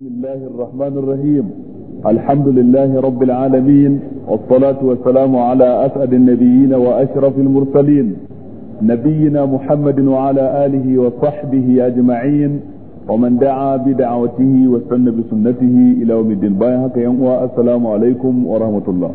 بسم الله الرحمن الرحيم الحمد لله رب العالمين والصلاة والسلام على أسعد النبيين وأشرف المرسلين نبينا محمد وعلى آله وصحبه أجمعين ومن دعا بدعوته واستنى بسنته إلى يوم الدين بايعك السلام عليكم ورحمة الله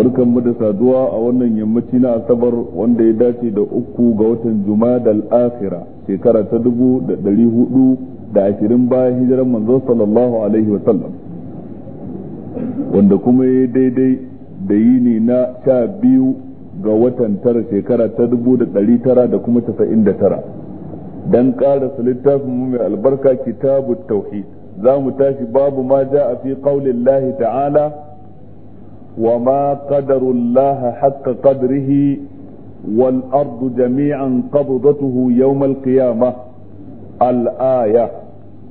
barkan mu da saduwa a wannan yammaci na asabar wanda ya dace da uku ga watan jumadal akhira shekara ta dubu da dari hudu da ashirin bayan hijiran manzo sallallahu alaihi wasallam wanda kuma ya daidai da yini na sha biyu ga watan tara shekara ta dubu da dari tara da kuma casa'in da tara dan karasa littafin mu mai albarka kitabu tauhid za mu tashi babu ma ja'a a fi qaulin ta'ala وما قدروا الله حق قدره والأرض جميعا قبضته يوم القيامة الآية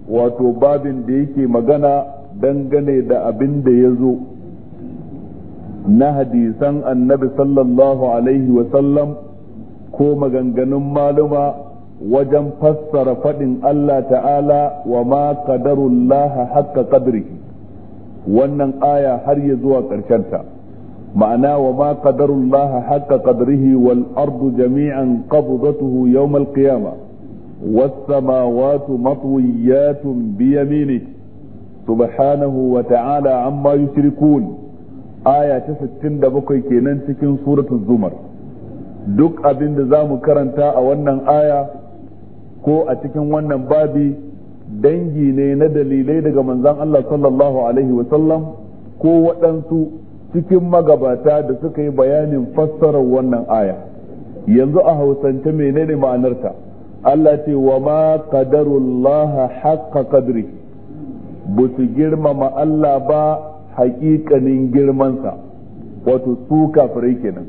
وتباب ديكي مغنى دنغني دا أبن ديزو نهدي سن النبي صلى الله عليه وسلم ko maganganun maluma wajen fassara faɗin Allah ta'ala wa ma qadarullah haqqa qadrihi wannan aya har ya zuwa ta ma'ana wa ma qadarullaha haqqa qadrihi wal ardu jami'an qabdatuhu yawm al qiyamah was samawati matwiyatun bi yaminihi subhanahu wa ta'ala amma yushrikun aya ta 67 kenan cikin suratul zumar duk abin da zamu karanta a wannan aya ko a cikin wannan babi dangi ne na dalilai daga manzan Allah sallallahu alaihi wa ko waɗansu cikin magabata da suka yi bayanin fassarar wannan aya yanzu a hausance menene ma'anarta Allah ce wa ma qadarullah haƙa ƙadri, ba su girmama Allah ba haƙiƙanin girmansa wato su kafirai kenan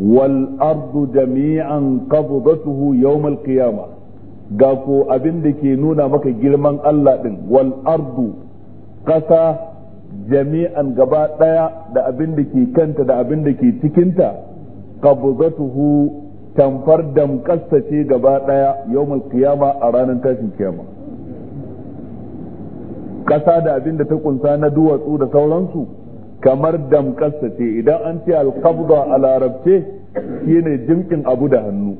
wal ardu jami'an qabdatuhu yawm al qiyamah ga ko abin da ke nuna maka girman Allah ɗin wal ardu kasa jami'an gaba daya da abin da ke kanta da abin da ke cikinta qabdatuhu tamfar damkasta ce gaba daya yawmul qiyama a ranar tashin kiyama kasa da abin da ta kunsa na duwatsu da sauransu kamar damkasta ce idan an ce al-qabda a larabce shine jimkin abu da hannu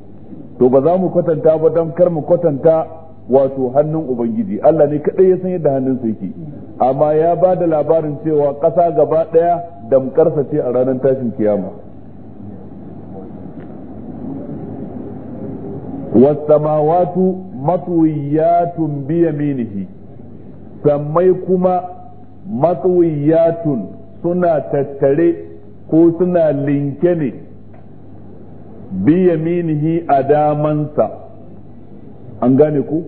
to ba za mu kwatanta ba don kar mu kwatanta wato hannun ubangiji Allah ne kadai ya san yadda sa yake amma ya ba da labarin cewa ƙasa gaba ɗaya damƙarsa ce a ranar tashin kiyama wasamawatu matwiyatun biyaminihi sammai kuma matwiyatun suna tattare ko suna linke ne bi yaminihi a damansa an gane ku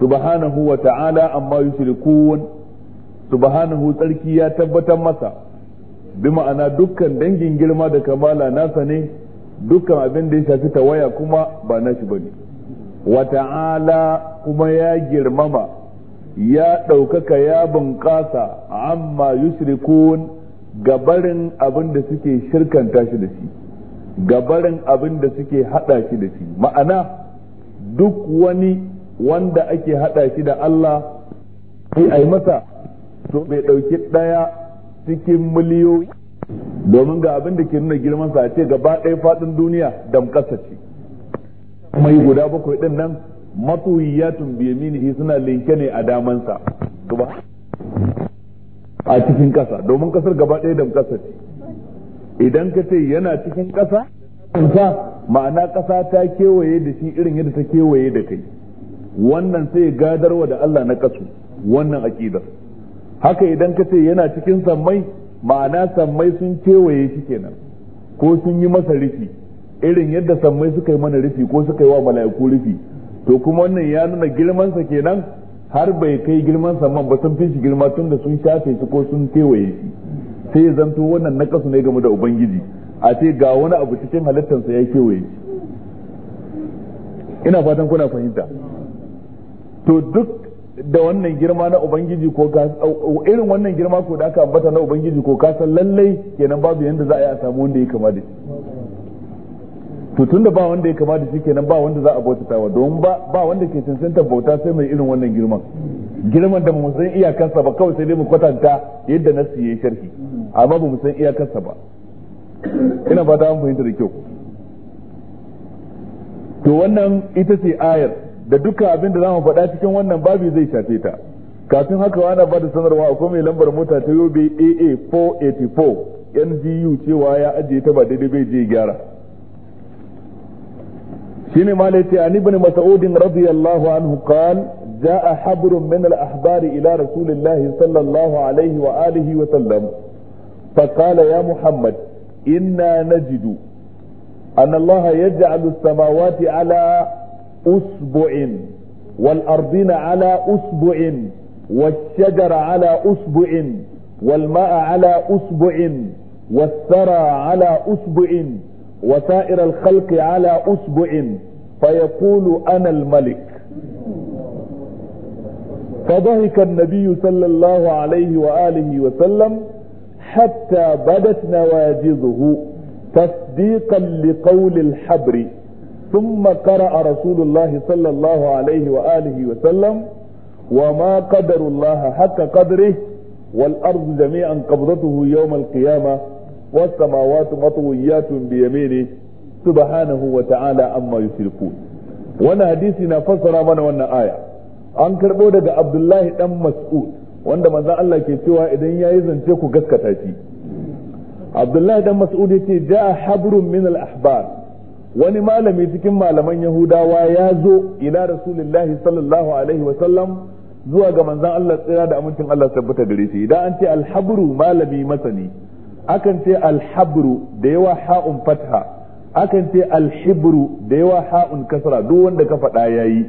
subhanahu wa ta'ala amma yushrikun subhanahu tsarki ya tabbatar masa bi ma'ana dukkan dangin girma da kamala nasa ne dukkan abin da ya shafi tawaya kuma ba nashi bane wa ta'ala kuma ya girmama ya ɗaukaka ya bunƙasa amma yushrikun gabarin abin da suke shirkanta shi da shi gabarin abin da suke hada shi da shi ma'ana duk wani wanda ake hada shi da Allah sai a yi masa to bai ɗauki ɗaya cikin miliyoyi domin ga abin da ke nuna girman sa ce gaba ɗaya faɗin duniya damƙasa ce mai guda bakwai ɗin nan matsuwiyatun biyaminihi suna linke ne a damansa a cikin ƙasa domin ƙasar gaba ɗaya damƙasa ce idan ka ce yana cikin ƙasa ma'ana ƙasa ta kewaye da shi irin yadda ta kewaye da kai wannan sai gadarwa da Allah na kasu wannan aƙidar haka idan ka ce yana cikin sammai ma'ana sammai sun kewaye shi kenan ko sun yi masa rufi irin yadda sammai suka yi mana rufi ko suka yi wa mala'iku rufi to kuma wannan ya nuna girmansa kenan har bai kai girman samman ba sun fi shi girma tunda sun shafe shi ko sun kewaye shi sai zanto wannan nakasu ne game da ubangiji a ce ga wani abu cikin halittarsa ya kewaye ina fatan kuna fahimta to duk da wannan girma na ubangiji ko ka irin wannan girma ko da aka ambata na ubangiji ko ka san lallai kenan babu yanda za a yi a samu wanda ya kama da shi to tun da ba wanda ya kama da shi kenan ba wanda za a bautata wa don ba ba wanda ke cancanta bauta sai mai irin wannan girman girman da mu san iyakansa ba kawai sai dai mu kwatanta yadda nasu yayi sharhi amma ba mu san iyakarsa ba ina ba da fahimta da kyau to wannan ita ce ayar da duka abin da zamu faɗa cikin wannan babi zai shafe ta kafin haka ana ba da sanarwa akwai mai lambar mota ta yobe aa 484 ngu cewa ya ajiye ta ba daidai bai je gyara shine malai ce an ibn mas'ud radiyallahu anhu qala جاء حبر من الأحبار إلى رسول الله صلى الله عليه wa sallam. فقال يا محمد إنا نجد أن الله يجعل السماوات على أسبع والأرضين على أسبع والشجر على أسبع والماء على أسبع والثرى على أسبع وسائر الخلق على أسبع فيقول أنا الملك فضحك النبي صلى الله عليه وآله وسلم حتى بدت نواجذه تصديقا لقول الحبر ثم قرأ رسول الله صلى الله عليه وآله وسلم وما قدر الله حق قدره والأرض جميعا قبضته يوم القيامة والسماوات مطويات بيمينه سبحانه وتعالى أما يشركون وانا حديثنا فسر من وانا آية أنكر بودك عبد الله أم مسؤول wanda manzo Allah ke cewa idan yayi zance ku gaskata shi Abdullahi dan Mas'ud yace ja'a habrun min al-ahbar wani malami cikin malaman Yahudawa ya zo ila Rasulullahi sallallahu alaihi wa sallam zuwa ga manzon Allah tsira da amincin Allah tabbata gare shi idan an ce al-habru malami masani akan ce al-habru da yawa ha'un fatha akan ce al-hibru da yawa ha'un kasra duk wanda ka faɗa yayi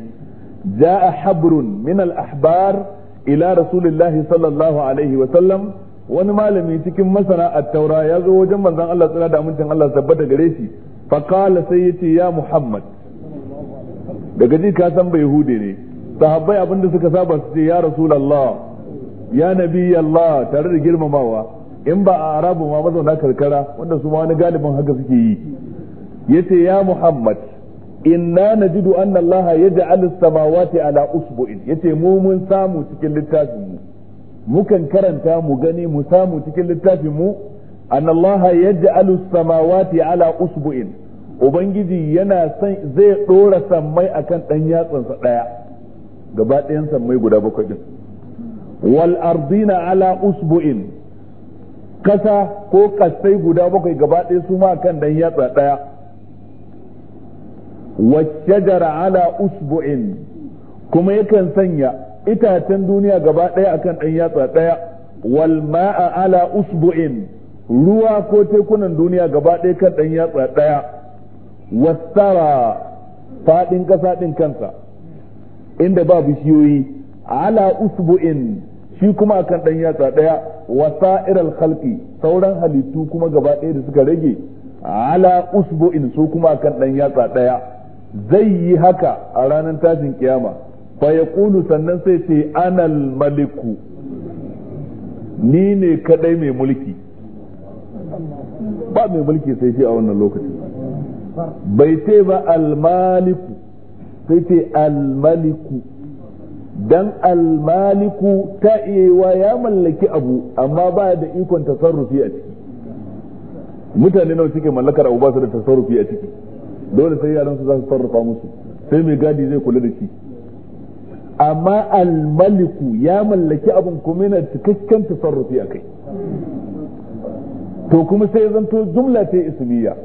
ja'a habrun min al-ahbar ila rasulillahi sallallahu alaihi wa sallam wani malami cikin masana at-taura ya zo wajen manzon Allah tsira da amincin Allah tabbata gare shi fa qala sai yace ya muhammad daga ji ka san bai hude ne sahabbai abinda suka saba su ce ya rasulullah ya nabi Allah tare da girmamawa in ba a arabu ma mazauna karkara wanda su ma wani galibin haka suke yi yace ya muhammad inna na najidu anna allaha yaj'alu samawati ala usbu'in yace mu mun samu cikin littafin mu mukan karanta mu gani mu samu cikin littafin mu anna allaha yaj'alu samawati ala usbu'in ubangiji yana san zai dora sammai akan dan yatsansa daya gaba ɗayan sammai guda bakwai din wal ardina ala usbu'in kasa ko kasai guda bakwai gaba ɗaya su ma kan dan yatsa daya washajara ala usbu'in kuma yakan sanya itacen duniya gaba ɗaya akan ɗan yatsa ɗaya wal ma'a ala usbu'in ruwa ko tekunan duniya gaba ɗaya kan ɗan yatsa ɗaya wasara faɗin ƙasa ɗin kansa inda ba bishiyoyi ala usbu'in shi kuma akan ɗan yatsa ɗaya wasa'ir al-khalqi sauran halittu kuma gabaɗaya da suka rage ala usbu'in su kuma akan ɗan yatsa ɗaya zai yi haka a ranar tashin kiyama fa ya kulu sannan sai ce anal maliku ni ne kadai mai mulki ba mai mulki sai ce a wannan lokacin bai ce ba almaliku sai ce almaliku dan almaliku ta iya ya mallaki abu amma ba da ikon tasarrufi a ciki mutane nawa suke mallakar abu ba su da tasarrufi a ciki dole sai yaran su za su sarrafa musu sai mai gadi zai kula da shi amma almaliku ya mallaki abin kuma yana cikakken tasarrufi a kai to kuma sai ya zanto jumla ce ismiya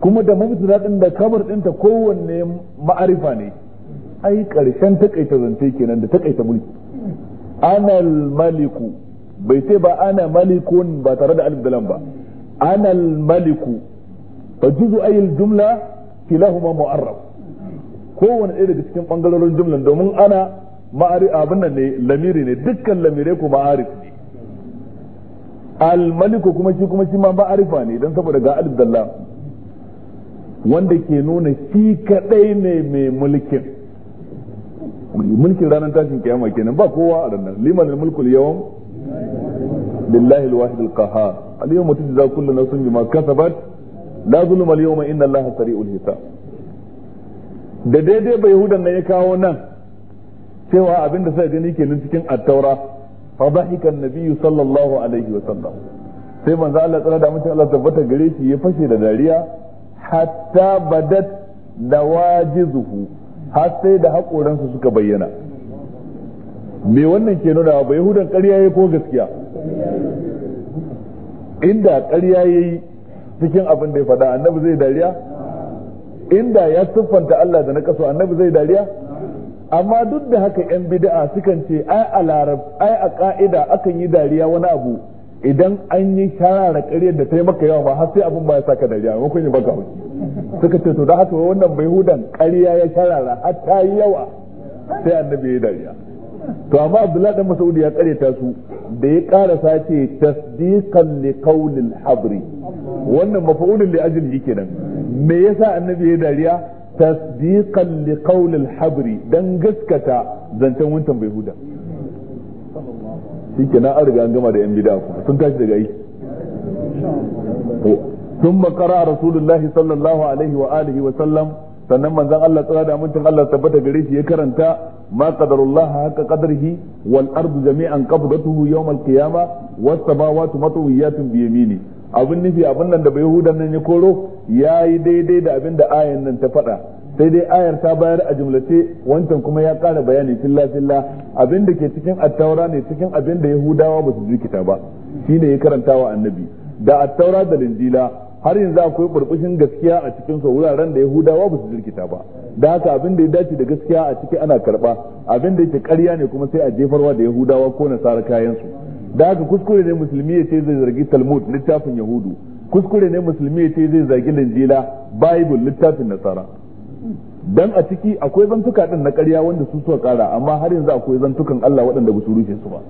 kuma da mabtada din da kabar dinta kowanne ma'arifa ne ai karshen takaita zance kenan da takaita mulki ana maliku bai sai ba ana malikun ba tare da alif da ba ana maliku fa juzu ayil jumla kilahuma mu'arraf kowane ɗaya daga cikin bangarorin jumlan domin ana ma'ari abin nan ne lamiri ne dukkan lamire ko ma'arif ne al-maliku kuma shi kuma shi ma ma'arifa ne dan saboda ga alif wanda ke nuna shi kadai ne mai mulkin mulkin ranar tashin kiyama kenan ba kowa a ranar liman mulkul yawm lillahi al-wahid al-qahhar al-yawma tujza kullu nafsin bima kasabat la zulma al-yawma inna allaha sari'ul hisab da daidai bai hudan ne ya kawo nan cewa abinda sai gani kenan cikin at-taura fa dhahika an-nabiy sallallahu alaihi wa sallam sai manzo Allah tsara da mutum Allah tabbata gare shi ya fashe da dariya hatta badat nawajizuhu har sai da su suka bayyana me wannan ke nuna ba yahudan ƙarya yayi ko gaskiya inda ƙarya yayi. cikin abin da ya faɗa annabi zai dariya inda ya siffanta Allah da na kaso annabi zai dariya amma duk da haka yan bid'a sukan ce ai a larab ai a ka'ida akan yi dariya wani abu idan an yi sharara ƙarya da ta yi maka yawa ba har sai abin ba ya saka dariya ba kun yi baka hauki suka ce to da haka wannan bai hudan ƙarya ya sharara har ta yi yawa sai annabi ya dariya to amma abdullahi dan masaudi ya ƙaryata su da ya ƙara sace tasdiqan li qawlil habri wannan mafa'ulun li ajli kenan me yasa annabi ya dariya tasdiqan li qawl habri dan gaskata zancen wancan bai huda shike na an riga an gama da yan bid'a kuma sun tashi daga yi ثم قرأ رسول الله صلى الله عليه وآله وسلم sannan manzon Allah tsara da amincin Allah tabbata gare shi ya karanta ma qadarullah haka qadrihi wal ardu jami'an qabdatuhu yawm al qiyama was samawati matwiyatun abin nufi abin nan da bai yahudan nan ya koro ya yi daidai da abin da ayan nan ta faɗa sai dai ayar ta bayar a jumlace wancan kuma ya kara bayani filla filla abin da ke cikin attaura ne cikin abin da yahudawa ba su jikita ba shi ne ya karanta wa annabi da attaura da linjila har yanzu akwai burbushin gaskiya a cikin sa wuraren da yahudawa ba su jirkita ba da haka abin da ya dace da gaskiya a ciki ana karɓa abin da yake karya ne kuma sai a jefarwa da yahudawa ko nasara kayan su da haka kuskure ne musulmi ya ce zai zargi talmud littafin yahudu kuskure ne musulmi ya ce zai zagi linjila bible littafin nasara dan a ciki akwai zantuka din na ƙarya wanda su suka kara amma har yanzu akwai zantukan Allah waɗanda ba su rushe su ba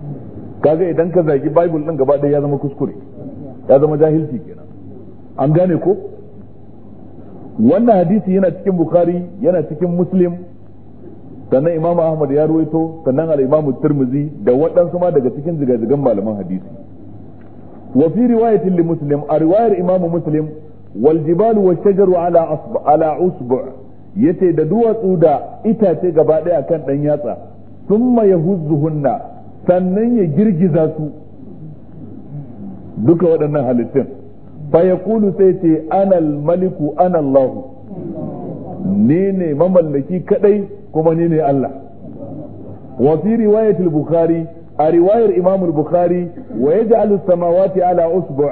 kaga idan ka zagi bible din gaba ɗaya ya zama kuskure ya zama jahilci kenan an gane ko wannan hadisi yana cikin bukhari yana cikin muslim sannan imamu ahmad ya ruwaito sannan al-imamu tirmizi da waɗansu ma daga cikin zigazigan malaman hadisi wa fi riwayatin li muslim a riwayar imamu muslim wal jibalu wash shajaru ala asb ala usbu yace da duwatsu da itace gaba ɗaya kan dan yatsa thumma yahuzzuhunna sannan ya girgiza su duka waɗannan halittun fa yaqulu sai ce ana al-maliku ana Allah ni ne mamallaki kadai kuma ni ne Allah wa fi riwayat al-bukhari a riwayar imam al-bukhari wa yaj'alu samawati ala usbu'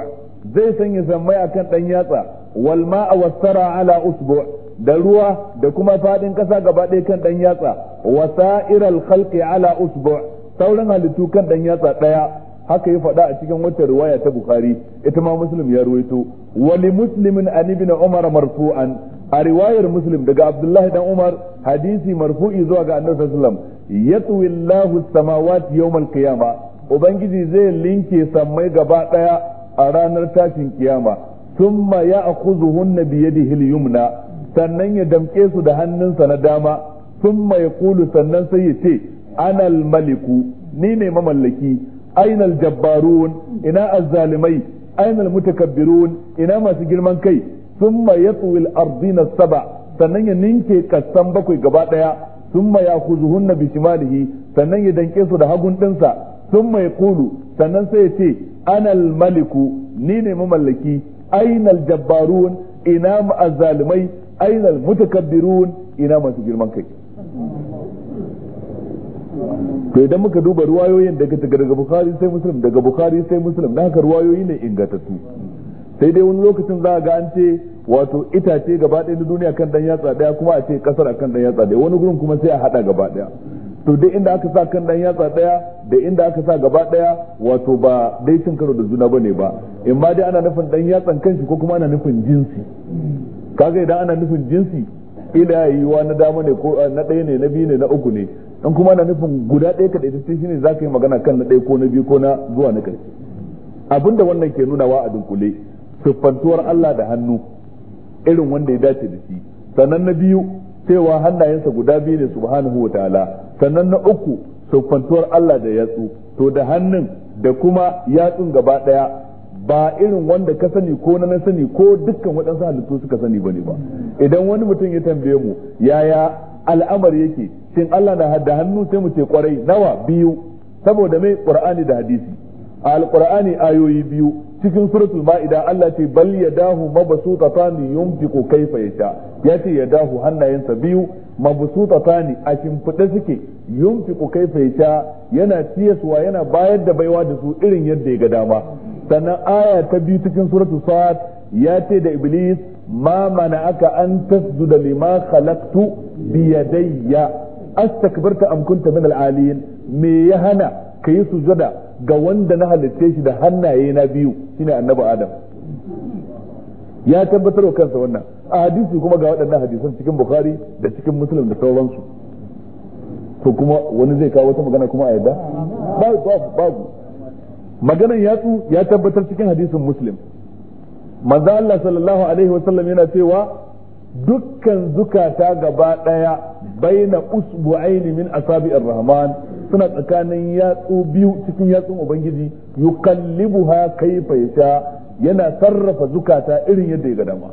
zai sanya sammai akan dan yatsa wal ma'a wasara ala usbu' da ruwa da kuma fadin kasa gaba ɗaya kan dan yatsa wa sa'iral khalqi ala usbu' sauran halittu kan dan yatsa daya haka ya faɗa a cikin wata riwaya ta bukhari ita ma muslim ya ruwaito wali muslimin an ibn umar marfu'an a riwayar muslim daga abdullahi dan umar hadisi marfu'i zuwa ga annabi sallallahu alaihi wasallam yatwi allahu samawati yawmal qiyama ubangiji zai linke sammai gaba daya a ranar tashin kiyama thumma ya'khudhuhun bi yadihi al-yumna sannan ya damke su da hannunsa na dama thumma yaqulu sannan sai ya ce ana al-maliku ni ne mamallaki aina al-jabbarun ina az-zalimai aina al-mutakabbirun ina masu girman kai thumma yatwi al-ardina sab'a sannan ya ninke kasan bakwai gaba daya thumma ya'khuzuhunna bi shimalihi sannan ya danke su da hagun dinsa ya Kulu, sannan sai ya ce ana al-maliku ni ne mamallaki aina al-jabbarun ina ma'azzalimai aina al-mutakabbirun ina masu girman kai to idan muka duba ruwayoyin daga daga bukhari sai muslim daga bukhari sai muslim da haka ruwayoyi ne ingantattu sai dai wani lokacin za a ga an ce wato itace gaba ɗaya na duniya kan dan yatsa ɗaya kuma a ce kasar kan dan yatsa ɗaya wani gurin kuma sai a haɗa gaba ɗaya to dai inda aka sa kan dan yatsa ɗaya da inda aka sa gaba ɗaya wato ba dai cin karo da juna bane ba in ma dai ana nufin dan yatsan kanshi ko kuma ana nufin jinsi kaga idan ana nufin jinsi ila yiwa na dama ne ko na ɗaya ne na biyu ne na uku ne in kuma ana nufin guda ɗaya kaɗai ta ce shine zaka yi magana kan na ɗaya ko na biyu ko na zuwa na ƙarshe abinda wannan ke nunawa a dunkule siffantuwar Allah da hannu irin wanda ya dace da shi sannan na biyu cewa hannayensa guda biyu ne subhanahu wa ta'ala sannan na uku sufantuwar Allah da yatsu to da hannun da kuma yatsun gaba daya ba irin wanda ka sani ko na sani ko dukkan waɗansu halittu suka sani bane ba idan wani mutum ya tambaye mu yaya al'amari yake shin Allah na da hannu sai mu ce kwarai nawa biyu saboda mai qur'ani da hadisi al-qur'ani ayoyi biyu cikin suratul ma'ida Allah ce bal yadahu mabsutatani yunfiqu kaifa yasha yace yadahu hannayensa biyu mabsutatani a shimfiɗe suke yunfiqu kaifa yasha yana tiyaswa yana bayar da baiwa da su irin yadda ya ga dama sannan aya ta biyu cikin suratul sa'ad ya ce da iblis ma aka an tasjuda lima khalaqtu bi yadayya astakbarta am kunta min al-aliyin me ya hana ka yi sujada ga wanda na halitta shi da hannaye na biyu shine annabi adam ya tabbatar wa kansa wannan a hadisi kuma ga waɗannan hadisan cikin bukhari da cikin muslim da sauransu to kuma wani zai kawo wata magana kuma a yadda babu babu maganan yatsu ya tabbatar cikin hadisin muslim manzo Allah sallallahu alaihi wa sallam yana cewa dukkan zukata gaba daya baina usbu'aini min asabi'ir rahman suna tsakanin yatsu biyu cikin yatsun ubangiji yukallibuha kaifa yasha yana sarrafa zukata irin yadda ya gadama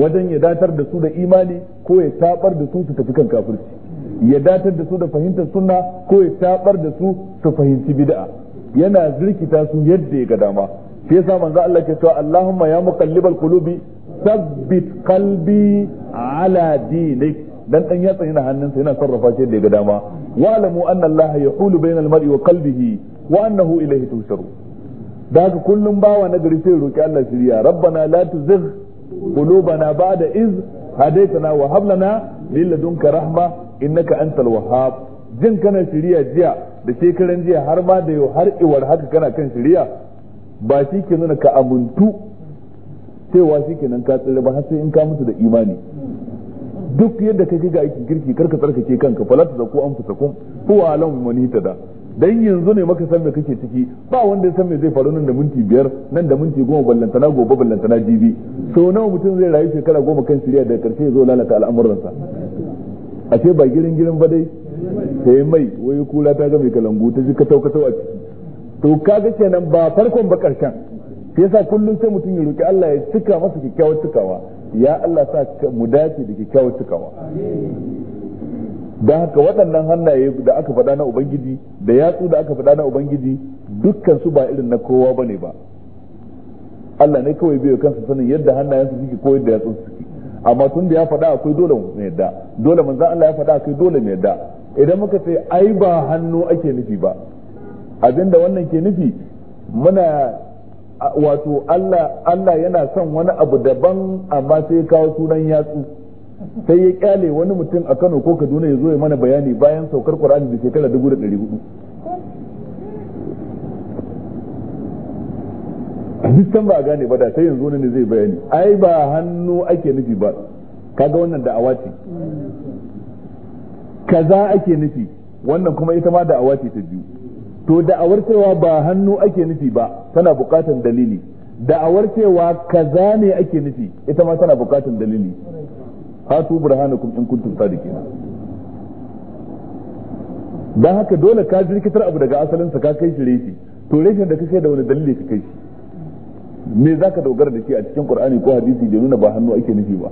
wajen ya datar da su da imani ko ya tabar da su su tafi kan kafirci ya datar da su da fahimtar sunna ko ya tabar da su su fahimci bid'a yana zirkita su yadda ya gadama dama yasa manzo Allah ke cewa Allahumma ya muqallibal qulubi thabbit qalbi ala dinik dan dan yatsa yana hannunsa yana sarrafa shi da ya ga dama wa'lamu anna allaha yahulu bainal mar'i wa qalbihi wa annahu ilayhi tusharu da haka kullum bawa na gari sai roki Allah shiriya rabbana la tuzigh qulubana ba'da iz hadaytana wa hab lana min ladunka rahma innaka antal wahhab jin kana shiriya jiya da shekaran jiya har ma da yau har iwar haka kana kan shiriya ba shi ke nuna ka amuntu cewa shi kenan ka tsira ba har sai in ka mutu da imani duk yadda kai ga aikin kirki karka tsarkake kanka fala ta zaku an fusakum ko alam manita da? dan yanzu ne maka san me kake ciki ba wanda ya san me zai faru nan da minti biyar nan da minti goma ballantana gobe ballantana jibi so nawa mutum zai rayu shekara goma kan shirya da karshe ya zo lalata al'amuransa ce ba girin girin ba dai sai mai wai kula ta ga mai kalangu ta ji katau katau a ciki to kaga kenan ba farkon ba karshen sai yasa kullum sai mutum ya roki Allah ya cika masa kyakkyawar cikawa ya Allah sa mu dace da kyakkyawar cikawa don haka waɗannan hannaye da aka faɗa na ubangiji da yatsu da aka faɗa na ubangiji dukkan su ba irin na kowa ba ne ba Allah ne kawai biyu kansa sanin yadda hannayensu suke ko yadda yatsun suke amma tun da ya faɗa akwai dole mu yadda dole manzon Allah ya faɗa akwai dole mu yadda idan muka ce ai ba hannu ake nufi ba abinda wannan ke nufi muna wato Allah Allah yana son wani abu daban amma sai ya kawo sunan yatsu sai ya kyale wani mutum a Kano ko Kaduna ya zo ya mana bayani bayan saukar Qur'ani da shekara 1400 duk san ba a gane ba da sai yanzu ne zai bayani ai ba hannu ake nufi ba kaga wannan da'awa ce kaza ake nufi wannan kuma ita ma da awaci ta biyu to da'awar cewa ba hannu ake nufi ba tana bukatan dalili da'awar cewa kaza ne ake nufi ita ma tana bukatan dalili hatu burhanakum in kuntum sadiqin dan haka dole ka jirkitar abu daga asalin sa ka kai shi reshi to reshin da kake da wani dalili ka kai shi me zaka dogara da shi a cikin qur'ani ko hadisi da nuna ba hannu ake nufi ba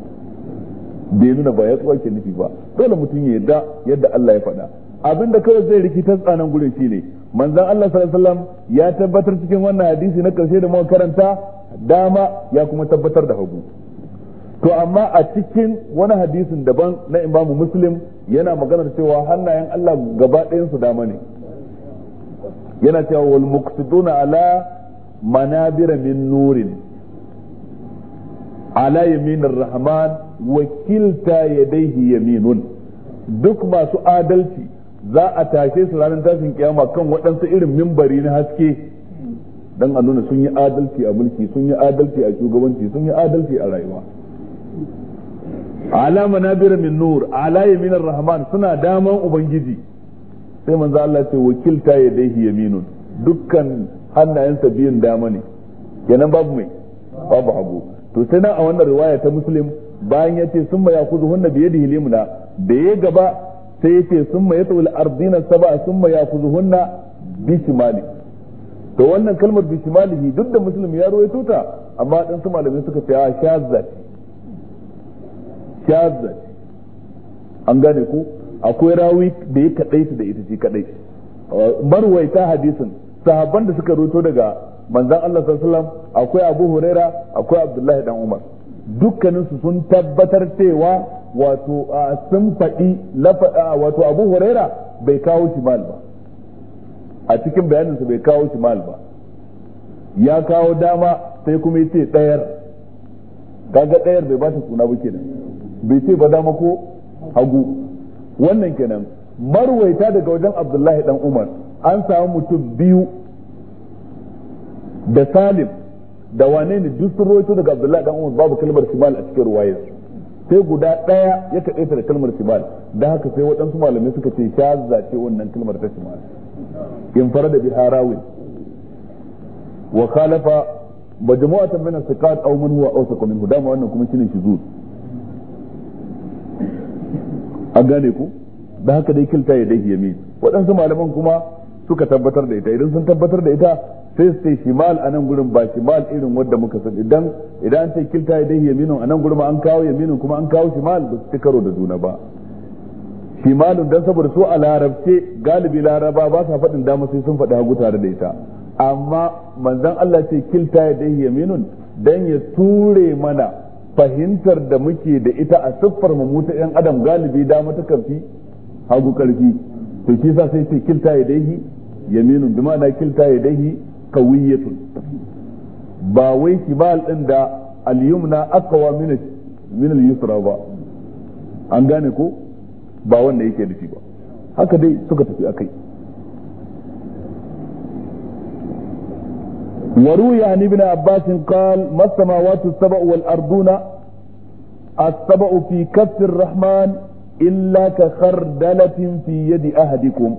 bai nuna ba ya tsuwa ake nufi ba dole mutum ya yadda yadda Allah ya faɗa abinda kawai zai rikitar tsanan gurin ne. manzon Allah sallallahu alaihi ya tabbatar cikin wannan hadisi na karshe da muka karanta dama ya kuma tabbatar da hagu to amma a cikin wani hadisin daban na imamu muslim yana maganar cewa hannayen Allah gaba ɗayansu dama ne yana cewa wal muqsiduna ala manabira min nurin ala yaminir rahman wa kilta yadayhi yaminun duk masu adalci za a tashe su ranar tashin kiyama kan waɗansu irin mimbari na haske dan a nuna sun yi adalci a mulki sun yi adalci a shugabanci sun yi adalci a rayuwa ala manabira min nur ala yaminar rahman suna daman ubangiji sai manzo Allah ce wakilta yadayhi yaminun dukkan hannayensa biyun dama ne kenan babu mai babu hagu to sai nan a wannan riwaya ta muslim bayan ya ce sun ma yakuzu hunna biyadihi limna da ya gaba sai sun summa yatul ardina sab'a summa kuzu hunna bishimali to wannan kalmar bishimali duk da musulmi ya ruwaito tuta amma dan su malamai suka ce a shazza shazza an gane ku akwai rawi da ya kadai da ita shi kadai marwaita hadisin sahabban da suka ruwaito daga manzan Allah sallallahu akwai Abu Huraira akwai Abdullahi dan Umar dukkaninsu sun tabbatar cewa wato a sun faɗi wato abu huraira bai kawo shimal ba a cikin bayaninsa bai kawo shimal ba ya kawo dama sai kuma yace ɗayar kaga ɗayar bai bata suna ba kenan bai ce ba dama ko hagu wannan kenan marwaita daga wajen abdullahi dan umar an samu mutum biyu da salim da wane ne duk sun daga abdullahi dan umar babu kalmar shimal a cikin ruwayarsu sai guda ɗaya ya taɗaita da kalmar Simal da haka sai waɗansu malamai suka ce sha zace wannan kalmar ta shimal in fara da biharawi wa khalafa ba jama'a ta as-siqat aw man huwa awsaq da ma wannan kuma shine zuwa an gane ku da haka dai kilta ya dai yamin waɗansu malaman kuma suka tabbatar da ita idan sun tabbatar da ita sai su ce shimal a nan gurin ba shimal irin wadda muka san idan idan an ce kilta ya dai a nan gurin an kawo yaminu kuma an kawo shimal ba su karo da juna ba shimalun dan saboda su a larabce galibi laraba ba sa faɗin dama sai sun faɗi hagu tare da ita amma manzon Allah ce kilta ya dai yaminun dan ya ture mana fahimtar da muke da ita a siffar mu mutu yan adam galibi dama ta fi hagu karfi to shi sa sai ce kilta ya dai yaminun bi ma'ana kilta yadayhi qawiyatun ba wai kibal din da al-yumna aqwa min min al-yusra ba an gane ko ba wanda yake nufi ba haka dai suka tafi akai وروي عن ابن عباس قال ما السماوات السبع والأرضون السبع في كف الرحمن إلا كخردلة في يد أحدكم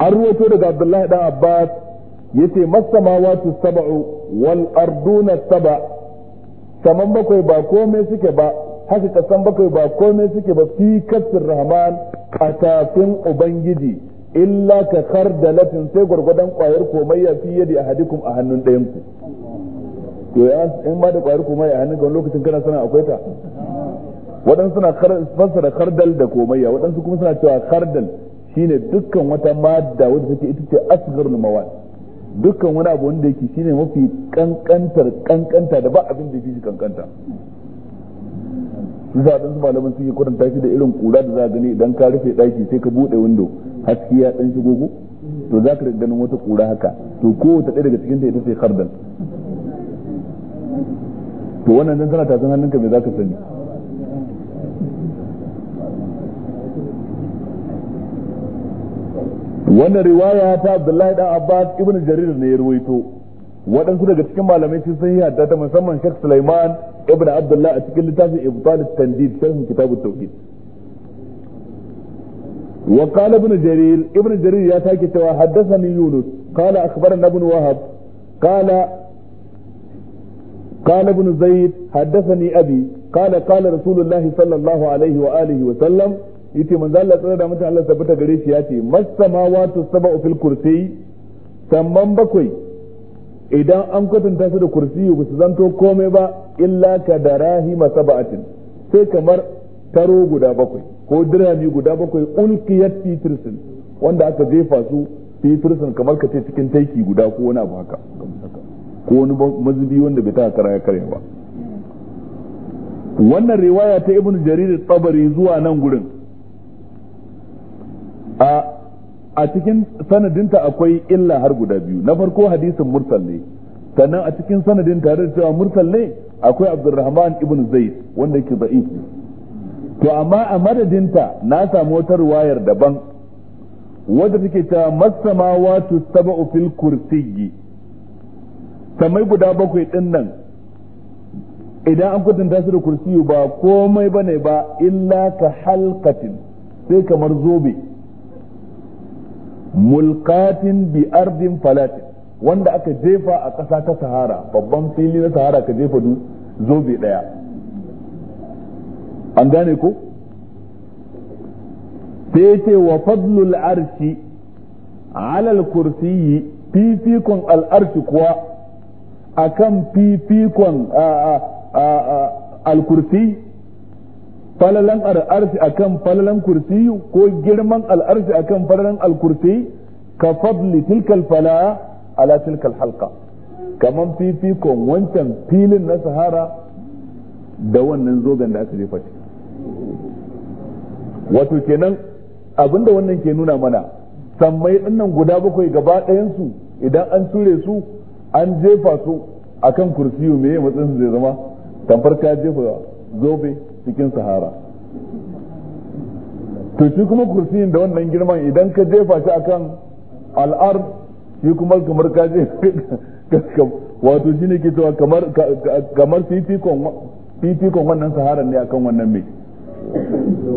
an ruwato daga abdullahi dan abbas yace masamawatu sab'u wal arduna sab'a saman bakwai ba komai suke ba haka kasan bakwai ba komai suke ba fi kasir rahman a tafin ubangiji illa ka kar da latin sai gwargwadon kwayar ya fi yadi ahadikum a hannun ɗayan ku to in ba da kwayar komai a hannun ka lokacin kana sana akwai ta waɗansu suna fassara kardal da komai, waɗansu kuma suna cewa kardal shine dukkan wata madda wadda take ita ce asgharul mawad dukkan wani abu wanda yake shine mafi kankantar kankanta da ba abin da yake kankanta Su za dan su malaman suke kwatanta shi da irin kura da za gani idan ka rufe daki sai ka bude window haske ya dan shigo ku to za ka ganin wata kura haka to kowace ɗaya daga cikin ta ita ce kardan to wannan dan tana tafin hannunka me za ka sani wannan riwaya ta Abdullahi da Abbas ibn Jarir ne ya ruwaito waɗansu daga cikin malamai sun san ta ta musamman Sheikh Sulaiman ibn Abdullah a cikin littafin Ibtal at-Tandid sharh kitab tauhid wa qala ibn Jarir ibn Jarir ya take cewa haddathani Yunus qala akhbarana ibn Wahab qala قال ابن زيد حدثني أبي قال قال رسول الله صلى الله عليه وآله وسلم yace manzo Allah tsara da mutum Allah tabbata gare shi yace masamawatu sab'u fil kursiyi samman bakwai idan an kwatanta su da kursiyi ba su zanto komai ba illa ka darahima sab'atin sai kamar taro guda bakwai ko dirhami guda bakwai ulqiyat fi tirsin wanda aka jefa su fi tirsin kamar ka ce cikin taiki guda ko wani abu haka ko wani mazubi wanda bai ta kara ya ba wannan riwaya ta ibnu jarir tabari zuwa nan gurin a a cikin sanadinta akwai illa har guda biyu na farko hadisin mursal ne sannan a cikin sanadin tare da cewa mursal ne akwai abdurrahman ibn zaid wanda yake da'if to amma a madadinta na samu wata ruwayar daban wadda take ta tu sab'u fil kursiyyi samai guda bakwai din nan idan an kwatanta su da kursiyu ba komai bane ba illa ka halkatin sai kamar zobe mulqatin bi ardin falat wanda aka jefa a ƙasa ta sahara babban fili na sahara ka jefa du zobe daya an gane ko sai ce wa fadlul arshi alal kursiyi fifikon al'arshi kuwa akan fifikon al-kursi falalan al'arshi akan falalan kursi ko girman al'arshi akan falalan al-kursi ka fadli tilkal fala ala tilkal halqa kaman fifikon wancan filin na sahara da wannan zogan da aka jefa wato kenan abinda wannan ke nuna mana sammai dinnan guda bakwai gaba ɗayansu idan an ture su an jefa su akan kursiyu me matsayin su zai zama tamfar ka jefa zobe cikin sahara to shi kuma kursiyin da wannan girman idan ka jefa shi akan al'ar shi kuma kamar ka je wato shi ne ke cewa kamar fifikon wannan sahara ne akan wannan mai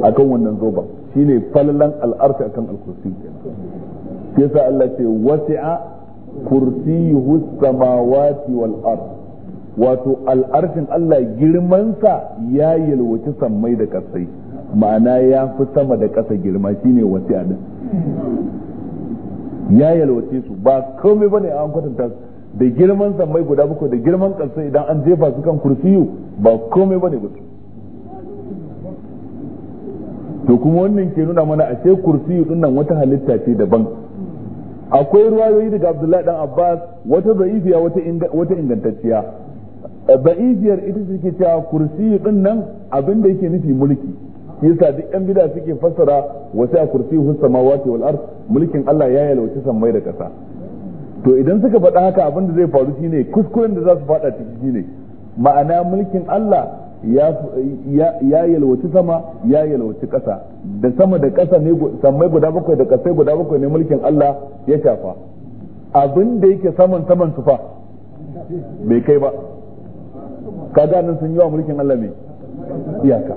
akan wannan zoba shi ne falalan al'arshi akan al'kursi kursi yasa Allah ce wasi'a kursi samawati wal ard wato al'arshin Allah girmansa ya yalwaci sammai da ƙasai ma'ana ya fi sama da ƙasa girma shine a nan ya yalwace su ba komai bane an kwatanta da girman sammai guda bakwai da girman ƙasai idan an jefa su kan kursiyu ba komai bane ba to kuma wannan ke nuna mana a ce kursiyu din nan wata halitta ce daban akwai ruwayoyi daga Abdullahi dan Abbas wata zaifiya wata ingantacciya ba'idiyar ita suke cewa kursi din nan abin da yake nufi mulki yasa duk yan bida suke fassara a kursi hus samawati wal ard mulkin Allah ya yalwace sammai da kasa to idan suka faɗa haka abin da zai faru shine kuskuren da za su faɗa ciki shine ma'ana mulkin Allah ya yalwaci sama ya yalwaci ƙasa da sama da ƙasa ne sammai guda bakwai da ƙasai guda bakwai ne mulkin Allah ya shafa abin da yake saman saman tufa bai kai ba kaga nan sun yi wa mulkin Allah mai iyaka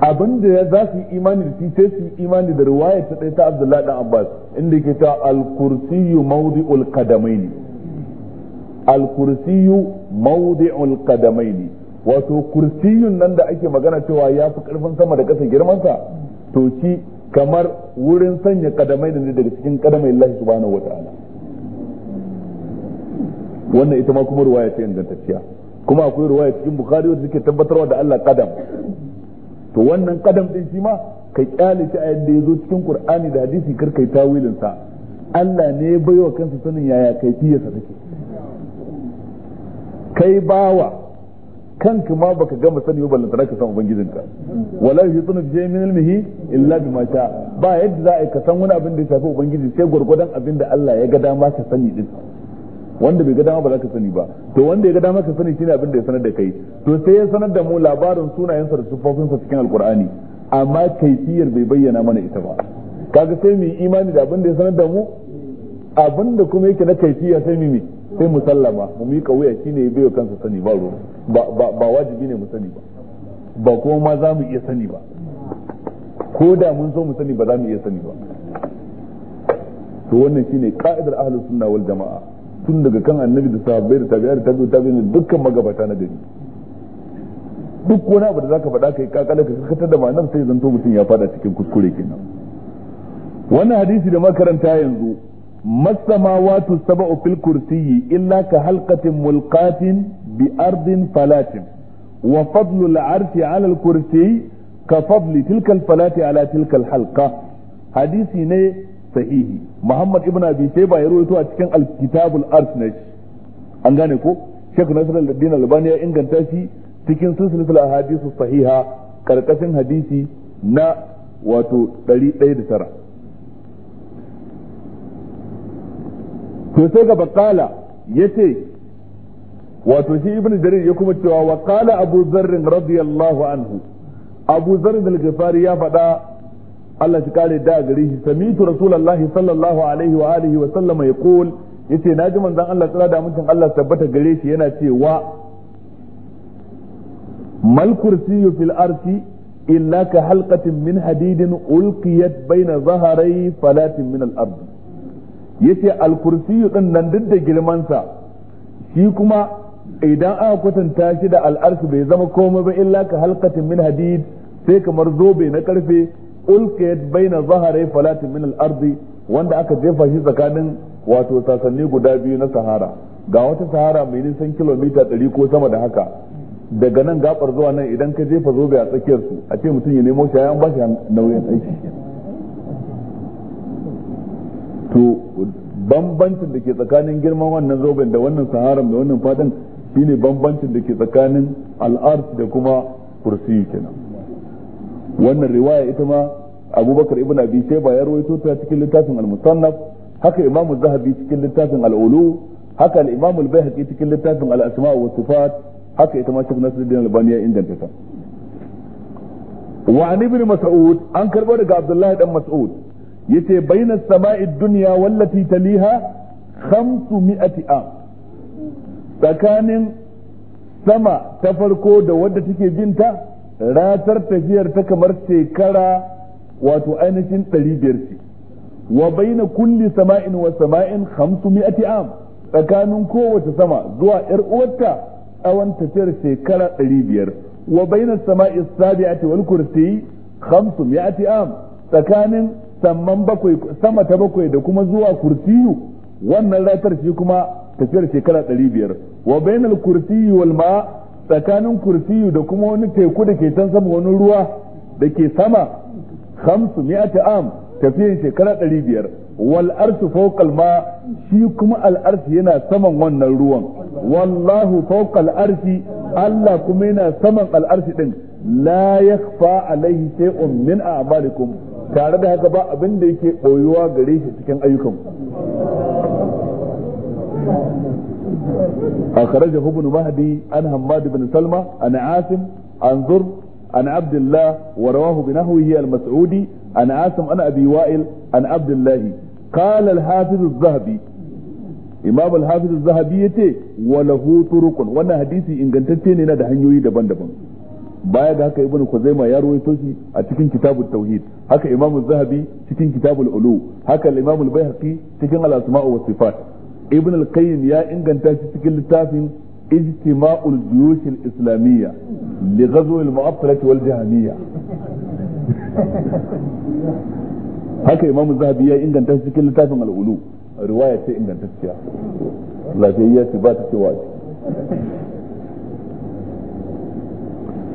abin da za su yi imani da shi sai su yi imani da riwayar ta ɗaya ta Abdullahi dan Abbas inda yake ta al-kursiyyu mawdi'ul qadamaini al-kursiyyu mawdi'ul qadamaini wato kursiyun nan da ake magana cewa ya fi karfin sama da ƙasa girmansa to shi kamar wurin sanya kadamai da ne daga cikin kadamai Allah subhanahu wa wannan ita ma kuma ruwaya ce ingantacciya kuma akwai ruwaya cikin bukhari wanda suke tabbatarwa da Allah kadam to wannan kadam din shi ma ka kyale shi a yadda ya zo cikin qur'ani da hadisi kar kai tawilin sa Allah ne ya baiwa kansa sanin yaya kaifiyarsa take kai bawa kanka ma baka gama sani ba ballantana ka san ubangijinka wala yutuna fi shay'in min ilmihi illa bima sha ba yadda za a ka san wani abin da ya shafi ubangiji sai gurgurdan abin da Allah ya ga dama ka sani din wanda bai ga dama ba za ka sani ba to wanda ya ga dama ka sani shine abin da ya sanar da kai to sai ya sanar da mu labarin sunayensa da sufofinsa cikin alkur'ani amma kaifiyar bai bayyana mana ita ba kaga sai mu imani da abin da ya sanar da mu abin da kuma yake na kaifiya sai mu sai mu sallama mu miƙa wuya shine ya bayo kansa sani ba ba ba wajibi ne mu sani ba ba kuma ma za mu iya sani ba ko da mun so mu sani ba za mu iya sani ba to wannan shine ka'idar ahlus sunna wal jama'a tun daga kan annabi da sahabbai da tabi'a da tabi'u tabi'u dukkan magabata na gari duk wani abu da zaka faɗa kai kakala ka kakatar da ma'anar sai zanto mutum ya faɗa cikin kuskure kenan wannan hadisi da makaranta yanzu masamawatu sab'u fil kursiyyi illa ka halqatin mulqatin bi ardin falatin wa fadlu al 'ala al-kursiyyi ka fadli tilka al-falati 'ala tilka al-halqa hadisi ne sahihi Muhammad ibn Abi Shayba ya rawaito a cikin al-Kitabul Arsnaj an gane ko Sheikh Nasiruddin Albani ya inganta shi cikin silsilatul ahadithu sahiha karkashin hadisi na wato 109 to sai ga bakala yace wato shi ibn jarir ya kuma cewa wa qala abu dharr radiyallahu anhu abu dharr al-ghifari ya faɗa Allah shi kare da gare shi samitu rasulullahi sallallahu alaihi wa alihi wa sallama yaqul yace naji manzon Allah tsara da mutun Allah tabbata gare shi yana cewa mal kursiyyu fil arsi illa ka halqatin min hadidin ulqiyat baina zaharai falatin min al ard yace al kursiyyu din nan duk da girman sa shi kuma idan aka kwatanta shi da al arsi bai zama komai ba illa ka halqatin min hadid sai kamar zobe na karfe ulqiyat baina zahari falati min al-ardi wanda aka jefa shi tsakanin wato sasanni guda biyu na sahara ga wata sahara mai nisan kilomita 100 ko sama da haka daga nan gabar zuwa nan idan ka jefa zobe a tsakiyar su a ce mutum ya nemo shi an ba shi nauyin aiki to bambancin da ke tsakanin girman wannan zoben da wannan saharan da wannan fadin shine bambancin da ke tsakanin al'ars da kuma kursi kenan wannan riwaya ita ma abubakar ibn abi shayba ya rawaito ta cikin littafin al-musannaf haka imamu zahabi cikin littafin al-ulu haka al-imamu al-baihaqi cikin littafin al-asma wa sifat haka ita ma cikin al albani ya inganta ta wa an ibn mas'ud an karbo daga abdullahi dan mas'ud yace bayna as-sama'i ad-dunya wallati taliha 500 am tsakanin sama ta farko da wadda take binta ratar tafiyar ta kamar shekara wato ainihin ɗari biyar ce wa baina kulli sama'in wa sama'in hamsu mi'ati am tsakanin kowace sama zuwa ƴar uwarta tsawon tafiyar shekara ɗari biyar wa baina sama'i sabi'ati wal kursiyi hamsu mi'ati am tsakanin samman bakwai sama ta bakwai da kuma zuwa kursiyu wannan ratar shi kuma tafiyar shekara ɗari biyar wa bainal kursiyu wal ma tsakanin kursiyu da kuma wani teku da ke can sama wani ruwa da ke sama khamsu mi'ati am tafiyan shekara ɗari biyar wal arsu fawqal ma shi kuma al'arsi yana saman wannan ruwan wallahu fawqal arsi Allah kuma yana saman al arsi din la yakhfa alaihi shay'un min a'malikum tare da haka ba abin da yake boyuwa gare shi cikin ayyukan أخرجه ابن مهدي عن حماد بن سلمة عن عاصم عن ذر عن عبد الله ورواه بنحوه المسعودي عن عاصم عن ابي وائل عن عبد الله قال الحافظ الذهبي imam al zahabi ya ce lahu turuqun wannan hadisi ingantacce ne na da hanyoyi daban-daban baya ga haka ibnu kuzaima ya ruwaito shi a cikin kitabut tauhid haka imam zahabi cikin kitabul ulu haka al-imam al-baihaqi cikin al-asma' wa sifat ibn al-qayyim ya inganta shi cikin littafin اجتماع الجيوش الإسلامية لغزو المعطلة والجهمية haka إمام zahabi ya inganta shi cikin littafin الأولو riwaya ce ingantacciya lafiyayya ce ba ta cewa ce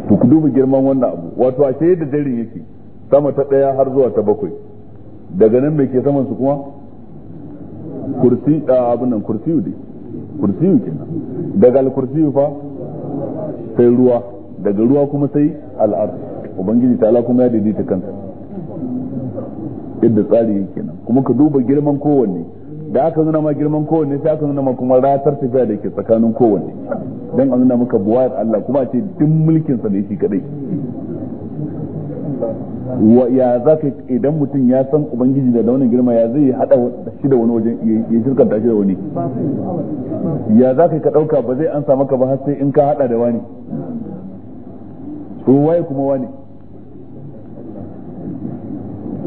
to ku duba girman wannan abu wato a da dare yake sama ta daya har zuwa ta bakwai daga nan mai ke saman su kuma kursi a abin nan dai kenan daga alkursi fa sai ruwa daga ruwa kuma sai al'arsh ubangiji ta'ala kuma ya daidaita kansa yadda tsari yake nan kuma ka duba girman kowanne da aka nuna ma girman kowanne sai aka nuna ma kuma ratar tafiya da ke tsakanin kowanne don a nuna maka buwayar Allah kuma a ce duk mulkin sa ne shi kadai wa ya zaka idan mutum ya san ubangiji da launin girma ya zai hada shi da wani wajen ya shirka da shi da wani ya zaka ka dauka ba zai ansa maka ba har sai in ka hada da wani to waye kuma wani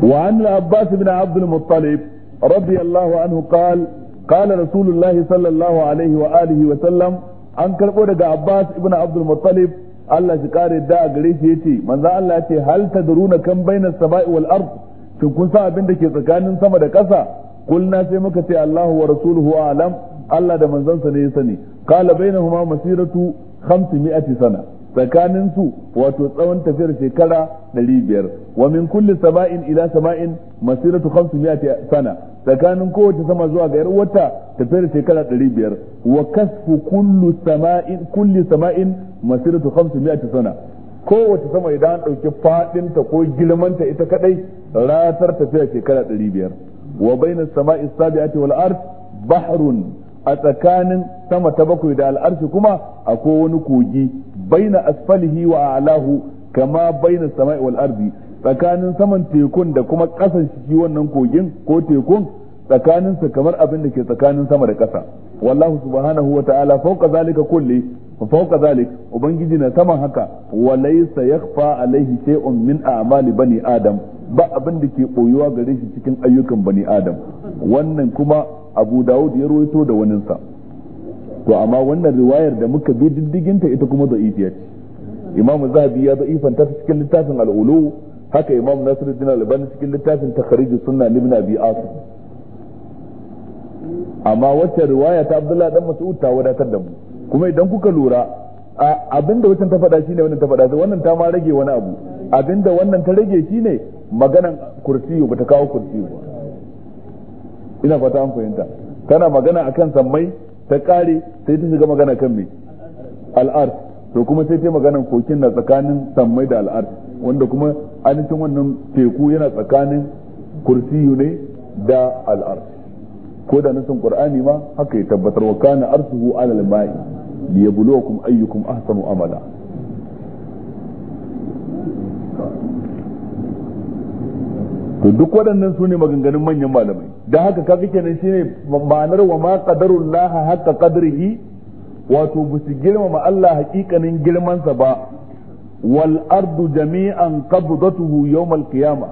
wa an abbas ibn abd al-muttalib radiyallahu anhu qal qala rasulullahi sallallahu alaihi wa alihi wa sallam an karbo daga abbas ibn abd al-muttalib Allah shi kare da a gare shi yace manzo Allah yace hal tadruna kan bainas sama'i wal ard shin kun san abin da ke tsakanin sama da ƙasa kulna sai muka ce Allahu wa rasuluhu a'lam Allah da manzansa ne ya sani qala bainahuma masiratu 500 sana tsakanin su wato tsawon tafiyar shekara 500 wa min kulli sama'in ila sama'in masiratu 500 sana tsakanin kowace sama zuwa ga wata tafiyar shekara 500 wa kasfu kullu sama'in kulli sama'in masiratu 500 sana kowace sama idan an dauki fadin ta ko girman ta ita kadai ratar tafiyar shekara 500 wa bayna sama'is sabi'ati wal ard bahrun a tsakanin sama ta bakwai da al'arshi kuma akwai wani kogi baina hiwa a alahu kama baina sama'i wal tsakanin saman tekun da kuma ƙasan shi wannan kogin ko tekun tsakanin sa kamar abin da ke tsakanin sama da ƙasa wallahu subhanahu wa ta'ala fawqa zalika kulli zalik ubangiji na saman haka wa laysa yakhfa alaihi shay'un min a'mali bani adam ba abin da ke koyuwa gare shi cikin ayyukan bani adam wannan kuma abu dawud ya ruwaito da waninsa to amma wannan riwayar da muka bi diddiginta ita kuma da'ifiyar ce imam zahabi ya da'ifan ta cikin littafin al'ulu haka imam nasiruddin albani cikin littafin takhrijus sunna ibn abi asim amma wacce riwaya ta abdullahi dan mas'ud ta wadatar da mu kuma idan kuka lura abinda wancan ta faɗa shine wannan ta faɗa sai wannan ta ma rage wani abu abinda wannan ta rage shine maganan kursiyu bata kawo kursiyu ba ina fata an fahimta tana magana akan sammai ta kare sai ta shiga magana kan me al'ar to kuma sai ta magana kokin na tsakanin sammai da al'ar wanda kuma ainihin wannan teku yana tsakanin kursiyu ne da al'ar ko da nasin qur'ani ma haka ya tabbatar wa kana arsuhu alal ma'i liyabluwakum ayyukum ahsanu amala to duk waɗannan su ne maganganun manyan malamai da haka ka fi kenan shine ma'anar wa ma qadarullah haqqa qadrihi wato ba su girmama Allah hakikanin sa ba wal ardu jami'an qabdatuhu yawmal qiyamah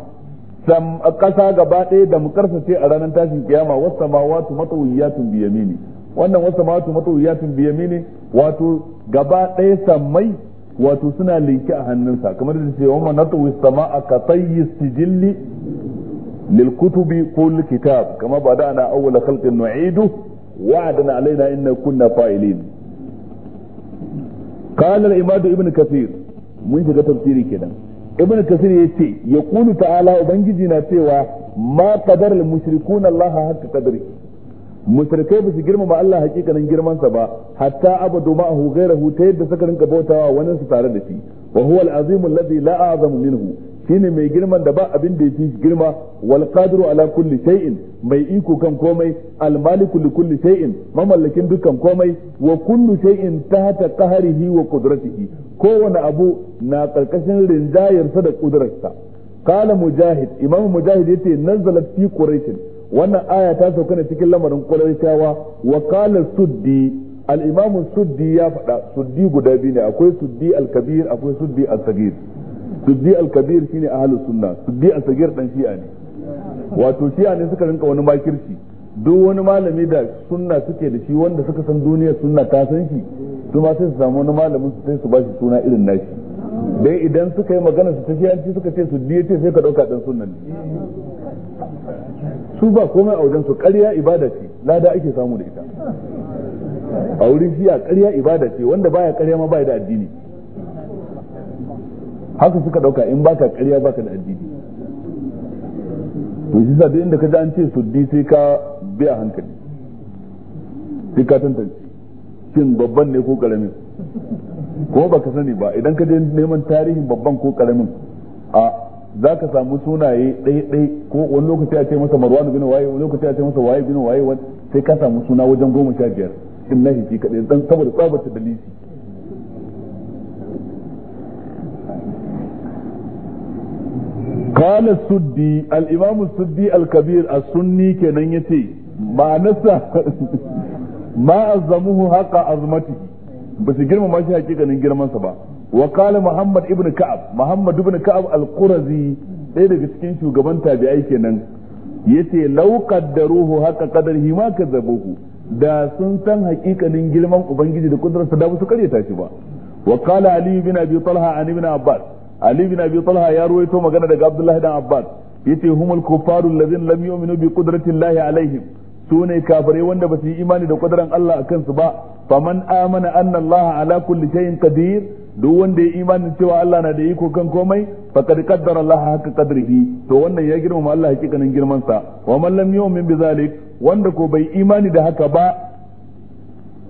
sam kasa gaba ɗaya da mukarsa ce a ranar tashin kiyama wasu samawatu matawiyatun biyamini wannan wasu samawatu matawiyatun biyamini wato gaba ɗaya sammai wato suna linki a hannunsa kamar da cewa man natawi sama'a ka tayyi sijilli lilkutubi للكتب كل كتاب كما بدأنا أول خلق نعيده وعدنا alaina إن كنا فاعلين قال الإمام ابن كثير mun shiga tafsiri kenan ibn kasir ya yaqulu ta'ala ubangiji na cewa ma qadar al mushrikuna Allah hakka qadri mushrikai ba su girmama Allah hakikanin girman sa ba hatta abaduma a ghayrahu ta yadda suka rinka bautawa wani su tare da shi wa huwa al azim alladhi la a'zamu minhu shine mai girman da ba abin da yake girma wal qadiru ala kulli shay'in mai iko kan komai al maliku li kulli shay'in mamallakin dukkan komai wa kullu shay'in tahta qahrihi wa qudratihi kowane abu na karkashin rinjayarsa da kudurarsa qala mujahid imamu mujahid yace nazalat fi quraish wannan aya ta sauka ne cikin lamarin quraishawa wa qala suddi al suddi ya faɗa suddi guda biyu ne akwai suddi al kabir akwai suddi al sagir siddi al-kabir shine ahlus sunna siddi al-sagir dan shi'a ne wato shi'a ne suka rinka wani makirci duk wani malami da sunna suke da shi wanda suka san duniya sunna ta san shi su ma sai su samu wani malamin su sai su ba suna irin nashi dai idan suka yi magana su ta shi'anci suka ce su diye ce sai ka dauka dan sunnan ne su ba komai a wajen su ƙarya ibada ce lada ake samu da ita a wurin shi'a ƙarya ibada ce wanda baya ƙarya ma baya da addini haka suka dauka in baka ƙarya baka da addini to shi sa inda ka ji an ce suddi sai ka bi a hankali sai ka tantance shin babban ne ko karamin ko baka sani ba idan ka je neman tarihin babban ko karamin a za ka samu sunaye ɗai-ɗai ko wani lokaci a ce masa marwan bin waye wani lokaci a ce masa waye bin waye sai ka samu suna wajen goma sha biyar in nahi shi kaɗai saboda tsabar dalisi qala suddi al-imam suddi al-kabir as-sunni kenan yace ma'anarsa ma azamuhu haqa azmatihi ba su girmama shi hakikanin girmansa ba wa qala muhammad ibn ka'ab muhammad ibn ka'ab al-qurazi ɗaya daga cikin shugaban tabi'ai kenan yace law qaddaruhu haqa qadarihi ma kadzabuhu da sun san hakikanin girman ubangiji da kudurarsa da su karyata shi ba wa qala ali bin abi talha an ibn abbas Aliyu bin abi talha ya ruwaito magana daga abdullahi dan abbas yace humul kuffaru allazin lam yu'minu bi qudratillahi alaihim sune kafirai wanda ba su yi imani da kudaran Allah akan su ba faman amana anna Allah ala kulli shay'in qadir duk wanda ya imanin cewa Allah na da iko kan komai faqad qaddara Allah haka qadrihi to wannan ya girmama Allah hakikanin girman sa wa man lam yu'min bi zalik wanda ko bai imani da haka ba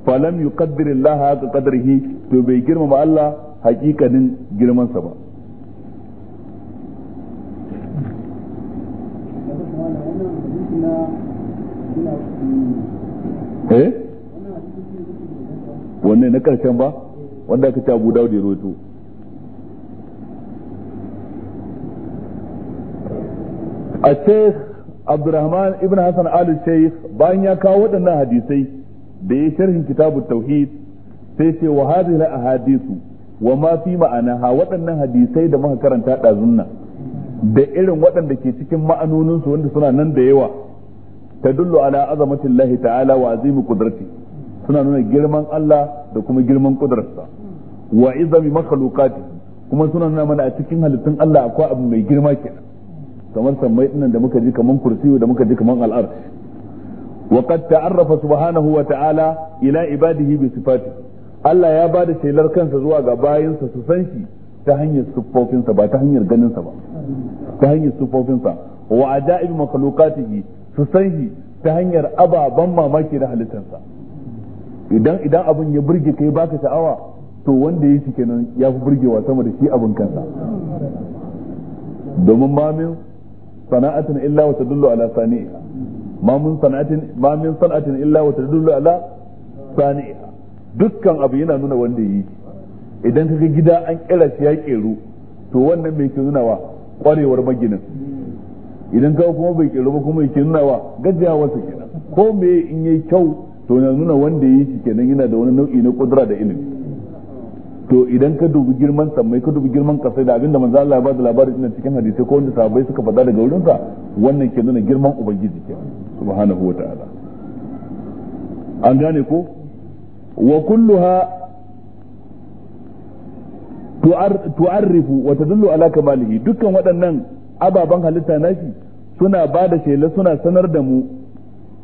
falam yuqaddir Allah haka qadrihi to bai girmama Allah hakikanin girman sa ba eh wannan na karshen ba wanda aka ce Abu Dawud roto a sheikh abdurrahman ibn sheikh bayan ya kawo waɗannan hadisai da ya sharhin kitabu tauhid sai ce wa hadhihi al wa ma fi ma'anaha waɗannan hadisai da muka karanta nan da irin waɗanda ke cikin ma'anoninsu wanda suna nan da yawa tadullu ala lahi ta'ala wa azimi kudurti suna nuna girman Allah da kuma girman kudurarsa wa izami makhluqati kuma suna nuna mana a cikin halittun Allah akwai abu mai girma ke. kamar sammai dinnan da muka ji kaman kursi da muka ji kaman al'ar wa qad ta'arrafa subhanahu wa ta'ala ila ibadihi bi sifati Allah ya bada shelar kansa zuwa ga bayinsa su san shi ta hanyar siffofinsa ba ta hanyar ganinsa ba ta hanyar siffofinsa wa ajaib makhluqatihi su san shi ta hanyar ababan mamaki na halittarsa idan idan abin ya burge kai baka sha'awa to wanda ya shi kenan ya fi burgewa sama da shi abin kansa domin ma min sana'atin illa wa tadullu ala Sani'a ma min sana'atin ma min sana'atin illa wa tadullu ala Sani'a dukkan abu yana nuna wanda yi idan ga gida an kira shi ya keru to wannan bai ke nunawa kwarewar maginin idan kawo kuma bai keru ba kuma yake nunawa gajiyawar wasu kenan ko me in yi kyau to na nuna wanda yi shi kenan yana da wani nau'i na kudura da ilimi to idan ka dubi girman sammai ka dubi girman kasa da abinda manzo Allah ya da labari ina cikin hadisi ko wanda sahabbai suka faɗa daga wurin sa wannan ke nuna girman ubangiji kenan subhanahu wataala an gane ko wa kulluha tu'arrifu wa tadullu ala kamalihi dukkan waɗannan ababen halitta nashi suna ba da shela suna sanar da mu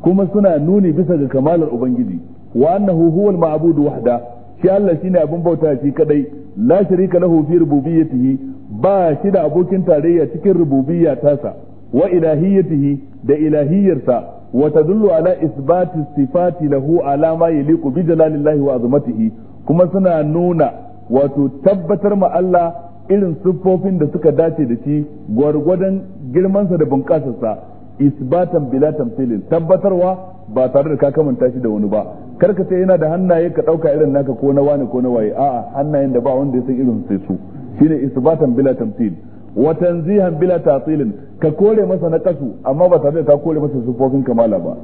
kuma suna nuni bisa ga kamalar ubangiji wa annahu huwal ma'bud wahda shi Allah shine abin bauta shi kadai la sharika lahu fi rububiyyatihi ba shi da abokin tarayya cikin rububiyya tasa wa ilahiyyatihi da ilahiyyarsa wa tadullu ala isbati sifati lahu ala ma yaliqu bi jalalillahi wa azmatihi kuma suna nuna wato tabbatar ma Allah irin siffofin da suka dace da shi gwargwadon girmansa da bunƙasarsa isbatan bila tamthilin tabbatarwa ba tare da ka kamanta shi da wani ba kar ka ce yana da hannaye ka ɗauka irin naka ko na wani ko na waye a'a hannayen da ba wanda ya san irin sai su shine isbatan bila tamthil wa tanzihan bila ta'til ka kore masa na kasu amma ba tare da ka kore masa siffofin kamala ba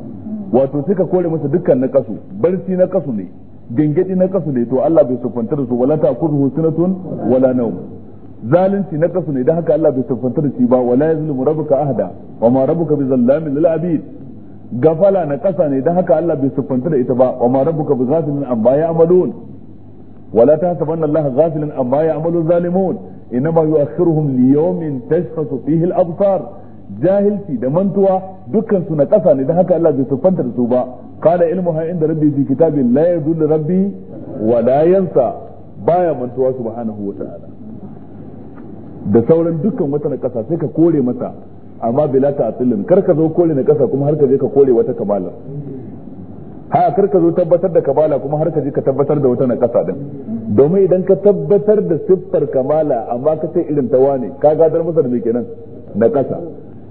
wato sai ka kore masa dukkan na kasu barci na kasu ne gangadi na kasu ne to Allah bai siffanta da su wala ta ta'khudhu sunatun wala nawm zalunci na kasu ne dan haka Allah bai siffanta da shi ba wala yazlimu rabbuka ahada wa ma rabbuka bizallamin lil abid gafala na kasa ne dan haka Allah bai siffanta da ita ba wa ma rabbuka bighafilin amma ya'malun wala ta tahsabanna Allah ghafilan amma ya'malu zalimun inma yu'akhiruhum li yawmin tashkhasu fihi al-absar jahilci da mantuwa dukkan su na ƙasa ne don haka Allah bai siffanta da su ba kana ilmu ha inda rabbi fi kitabi la yadullu rabbi wa la yansa baya mantuwa subhanahu wa ta'ala da sauran dukkan wata na ƙasa sai ka kore mata amma bila ta'attilin kar ka zo kore na ƙasa kuma har ka je ka kore wata kamala ha kar ka zo tabbatar da kamala kuma har ka je ka tabbatar da wata na ƙasa din domin idan ka tabbatar da siffar kamala amma ka ce irin ta wane ka gadar masa da me kenan na ƙasa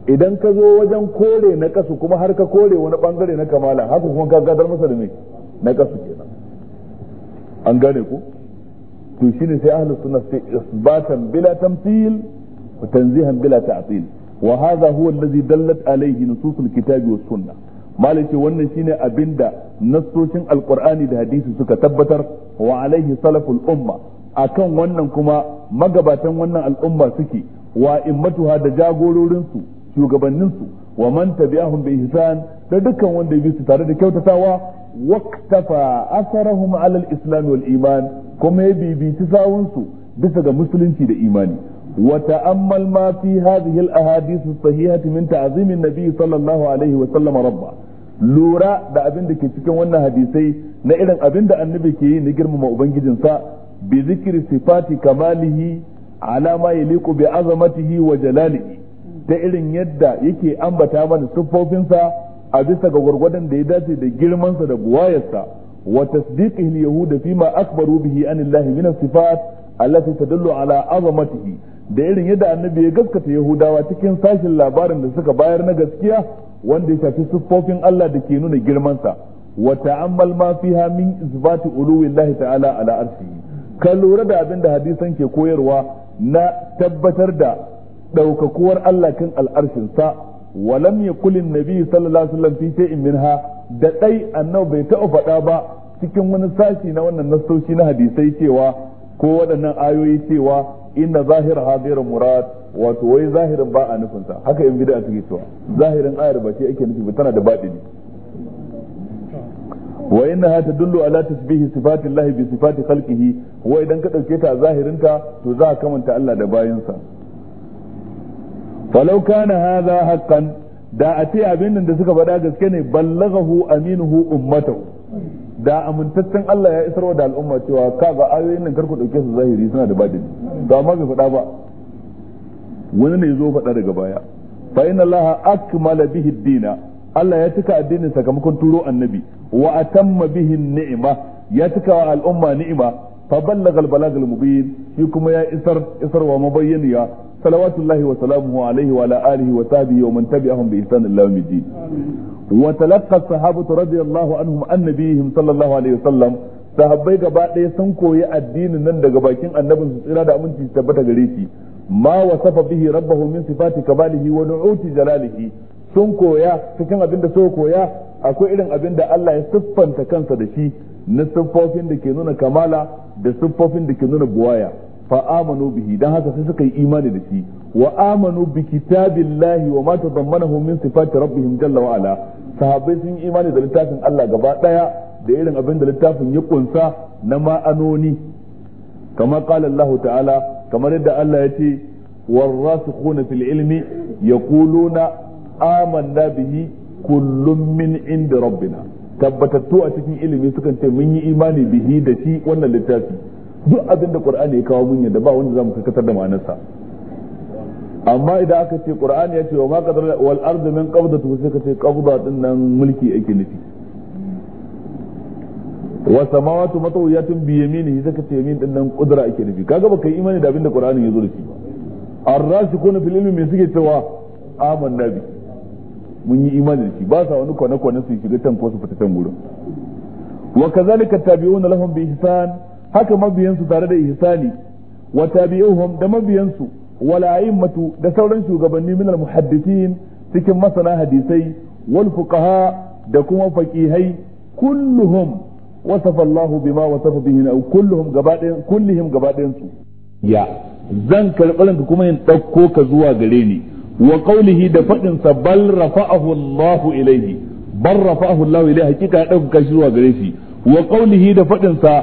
idan ka zo wajen kore na kasu kuma har ka kore wani bangare na kamala haka kuma ka gadar masa da me na kasu kenan an gane ku to shine sai ahlus sunna sai isbatan bila tamthil wa tanzihan bila ta'til wa hadha huwa alladhi dallat alayhi nususul kitabi was sunnah malaki wannan shine abinda nassoshin alqur'ani da hadisi suka tabbatar wa alaihi salaful umma akan wannan kuma magabatan wannan al'umma suke wa immatuha da jagororinsu shugabanninsu wa man tabi'ahum bi ihsan da dukkan wanda ya bi su tare da kyautatawa waqtafa asarahum ala al-islam wal iman kuma ya bibici sawunsu bisa ga musulunci da imani wa ta'ammal ma fi hadhihi al-ahadith as-sahihah min ta'zim an-nabi sallallahu alaihi wa sallam rabba lura da abin da ke cikin wannan hadisai na irin abin da annabi ke yi na girmama ubangijinsa bi zikri sifati kamalihi ala ma yaliqu bi azamatihi wa jalalihi ta irin yadda yake ambata mana siffofinsa a bisa ga gwargwadon da ya dace da girmansa da buwayarsa wa tasdiqihi al-yahud fi ma akbaru bihi an Allah min as-sifat allati tadullu ala azamatihi da irin yadda annabi ya gaskata yahudawa cikin sashin labarin da suka bayar na gaskiya wanda ya shafi siffofin Allah da ke nuna girmansa wa ta'ammal ma fiha min isbati uluwi Allah ta'ala ala arsihi kan lura da abin da hadisan ke koyarwa na tabbatar da daukakuwar Allah kan al'arshinsa walam yakul annabi sallallahu alaihi wasallam fi shay'in minha da dai annabi bai taɓa faɗa ba cikin wani sashi na wannan nasoshi na hadisai cewa ko waɗannan ayoyi cewa inna zahir hadir murad wato wai zahirin ba a nufinsa haka yan bid'a suke cewa zahirin ayar ba ce ake nufi ba tana da batini wa innaha tadullu ala tasbihi sifati llahi bi sifati khalqihi wa idan ka dauke ta zahirinta to za ka manta Allah da bayinsa walau kana hadha haqqan da a ce abin nan da suka faɗa gaske ne ballaghahu aminuhu ummatahu da amintaccen Allah ya isarwa da al'umma cewa kaga ayoyin nan karku dauke su zahiri suna da badin to amma bai faɗa ba wani ne zo faɗa daga baya fa inna Allah akmala bihi dina Allah ya cika addinin sakamakon turo annabi wa atamma bihi ni'ima ya cika wa al'umma ni'ima fa ballagha al-balagh al-mubin shi kuma ya isar isarwa mabayyaniya salawatullahi wa salamuhu wa ala wa sahbihi wa man tabi'ahum bi ihsan ila yawm al-din wa sahabatu radiyallahu sallallahu alaihi wa sallam sahabbai gaba ɗaya sun koyi addinin nan daga bakin annabin su tsira da aminci tabbata gare shi ma wasafa bihi rabbahu min sifati kamalihi wa nu'uti jalalihi sun koya cikin abin da suka koya akwai irin abin da Allah ya siffanta kansa da shi na siffofin da ke nuna kamala da siffofin da ke nuna buwaya fa amanu bihi dan haka sai suka yi imani da shi wa amanu bi kitabillahi wa ma tadammanahu min sifati rabbihim jalla wa ala sahabbai sun yi imani da littafin Allah gaba daya da irin abin da littafin ya kunsa na ma'anoni kamar qala Allah ta'ala kamar yadda Allah ya ce والراسخون fil ilmi يقولون amanna bihi kullum min inda rabbina tabbatattu a cikin ilimi sukan ce mun yi imani bihi da shi wannan littafi duk abin da qur'ani ya kawo mun yadda ba wanda zamu karkatar da ma'anarsa amma idan aka ce qur'ani ya ce wa ma qadara wal ardu min qabdatu sai ka ce qabda din nan mulki ake nufi wa samawati matawiyatun bi yaminihi sai ka ce yamin din nan kudura ake nufi kaga baka yi imani da abin da qur'ani ya zo da shi ba ar-rasikuna fil ilmi suke cewa amanna bihi mun yi imani shi ba sa wani kwane kwane su shiga can ko su fita can gurin wa kazalika tabi'una lahum bi ihsan haka mabiyansu tare da ihsani wa tabi'uhum da mabiyansu wala a'immatu da sauran shugabanni min al-muhaddithin cikin masana hadisai wal fuqaha da kuma faqihai kulluhum wasafa Allah bima wasafa bihi au kulluhum gabaɗayan kullihim gabaɗayan su ya zan karɓar ka kuma yin ɗauko ka zuwa gare ni wa qawlihi da fadin sa bal rafa'ahu Allah ilayhi bal rafa'ahu Allah ilayhi hakika ya dauka shi zuwa gare shi wa qawlihi da fadin sa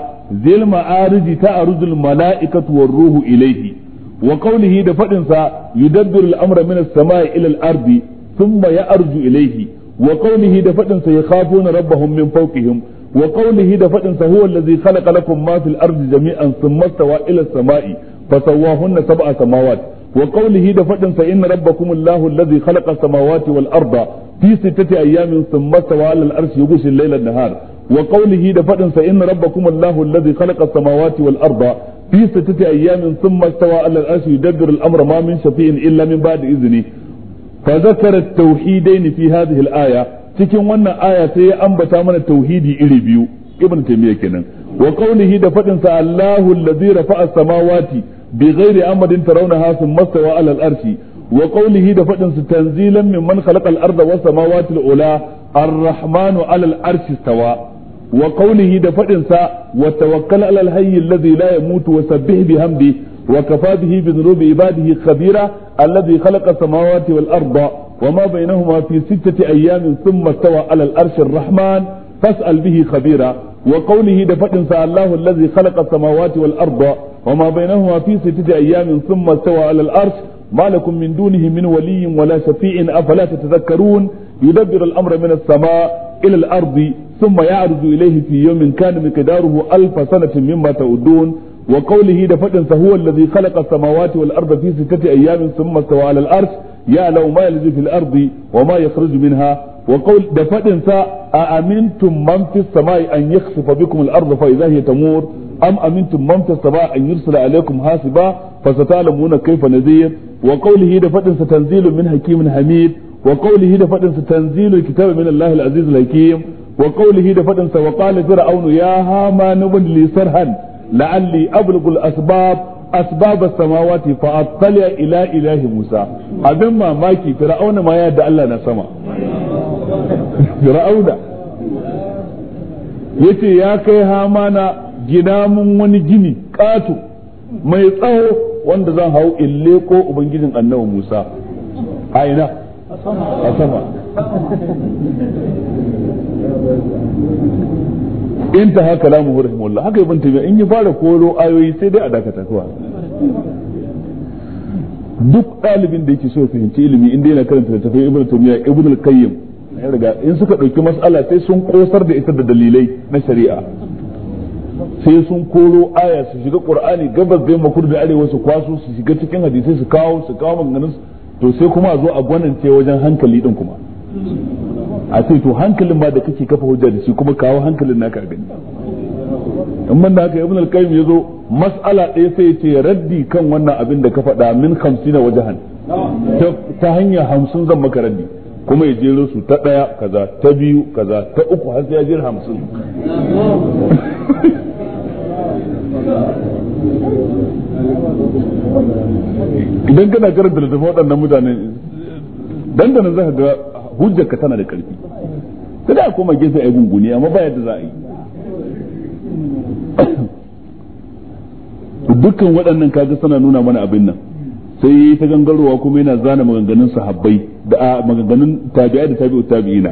zil ta ta'rujul mala'ikatu war ruhu ilayhi wa qawlihi da faɗinsa ya yudabbiru al-amra min as-sama'i ila arzi ardi thumma ya'ruju ilayhi wa qawlihi da fadin sa yakhafuna rabbahum min fawqihim wa qawlihi da fadin sa huwa kala khalaqa lakum ma fil jami'an thumma stawa ila as-sama'i fasawahunna sab'a samawati wa qawlihi da fadin fa inna rabbakumullahu alladhi khalaqa samawati wal arda fi sittati ayyamin thumma stawa 'alal arshi yughshi al-layla an-nahar wa qawlihi da fadin fa inna rabbakumullahu alladhi khalaqa samawati wal arda fi sittati ayyamin thumma stawa 'alal arshi yudabbiru al-amra ma min shafi'in illa min fi aya cikin wannan aya sai ya ambata mana tauhidi iri biyu ibn taymiyyah kenan wa qawlihi da fadin sa Allahu alladhi rafa'a samawati bi ghairi amadin tarawnaha thumma stawa ala al-arshi wa qawlihi da fadin tanzilan mimman khalaqa al-arda was samawati al-ula ar-rahmanu ala al-arshi stawa wa qawlihi da fadin wa tawakkal ala al-hayy alladhi la yamutu wa sabbih bihamdi wa kafa bihi bi dhunubi ibadihi khabira alladhi khalaqa as-samawati wal-arda وما بينهما في ستة أيام ثم استوى على الأرش الرحمن فاسأل به خبيرا وقوله دفتن الله الذي خلق السماوات والأرض وما بينهما في ستة أيام ثم استوى على الأرش ما لكم من دونه من ولي ولا شفيع أفلا تتذكرون يدبر الأمر من السماء إلى الأرض ثم يعرض إليه في يوم كان مقداره ألف سنة مما تؤدون وقوله دفتنس هو الذي خلق السماوات والأرض في ستة أيام ثم استوى على الأرش يعلم ما يلج في الأرض وما يخرج منها وقول دفتنس أأمنتم من في السماء أن يخسف بكم الأرض فإذا هي تمور am amintum man tasaba an yursala alaikum hasiba fasatalamuna kai nadhir wa qawlihi da fadin sa tanzilun min hakimin hamid wa qawlihi da fadin sa tanzilul kitabi alaziz alhakim wa qawlihi da fadin sa wa qala fir'aunu ya hamanu bin li sarhan la'alli ablughul asbab asbab samawati fa attala ila ilahi musa abin mamaki fir'auna ma ya Allah na sama fir'auna ce ya kai na. gina mun wani gini ƙato mai tsawo wanda zan hau in leko ubangijin annabi Musa a ina a sama in ta haka lamu Allah haka ibn tabi'a in yi fara koro ayoyi sai dai a dakata kawai duk ɗalibin da yake so ya fahimci ilimi inda yana karanta littafin ibn taymiya ibn al-qayyim ya riga in suka ɗauki mas'ala sai sun kosar da ita da dalilai na shari'a sai sun koro aya su shiga qur'ani gabas bai makur da arewa su kwaso su shiga cikin hadisi su kawo su kawo maganganun to sai kuma a zo a gwanince wajen hankali din kuma a ce to hankalin ma da kake kafa hujja da shi kuma kawo hankalin naka a gani in man da haka ibn al-qayyim yazo mas'ala ɗaya sai ya ce raddi kan wannan abin da ka faɗa min 50 wajahan ta hanya 50 zan maka raddi kuma ya jero su ta ɗaya kaza ta biyu kaza ta uku har sai ya jira 50 idan kana karanta da waɗannan mutanen dandana za ka ga hujjarka tana da ƙarfi kada a koma gefe a yi gunguni amma ba yadda za a yi dukkan waɗannan kaga suna nuna mana abin nan sai ta gangarowa kuma yana zana maganganun sahabbai da maganganun tabi'a da tabi'u tabi'ina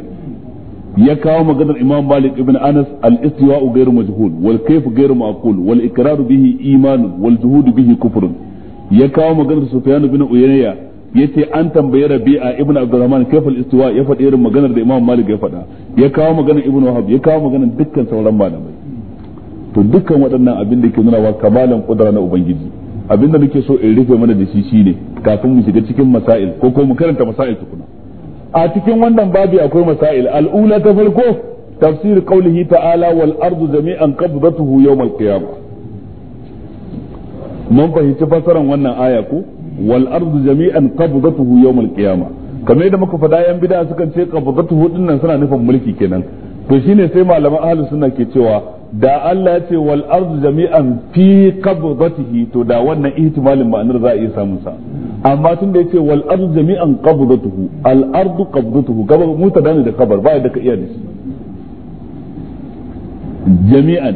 ya kawo maganar imam malik ibn anas al istiwa'u ghairu majhul wal kayf ghairu ma'qul wal ikraru bihi iman wal juhud bihi kufr ya kawo maganar sufyan ibn uyayya yace an tambaye rabi'a ibn abdurrahman kayf al istiwa ya faɗi irin maganar da imam malik ya faɗa ya kawo maganar ibn wahab ya kawo maganar dukkan sauran malamai to dukkan waɗannan abin da ke nuna wa kamalan kudura na ubangiji abin da nake so in rufe mana da shi shine kafin mu shiga cikin masail ko ko mu karanta masail tukuna a cikin wannan babi akwai masail al'ula ta farko tafsir kaulihi ta'ala wal ardu jami'an qabdatuhu yawm al mun fahimci fasaran wannan aya ko wal ardu jami'an qabdatuhu yawm al kamar yadda muka faɗa yan bid'a sukan ce qabdatuhu dinnan suna nufin mulki kenan to shine sai malaman ahlus sunna ke cewa da Allah ya ce wal ardu jami'an fi qabdatihi to da wannan ihtimalin ma'anar za a iya samun sa amma tun da yace wal ardu jami'an qabdatuhu al ardu qabdatuhu gaba mutada ne da kabar ba da ka iya da shi jami'an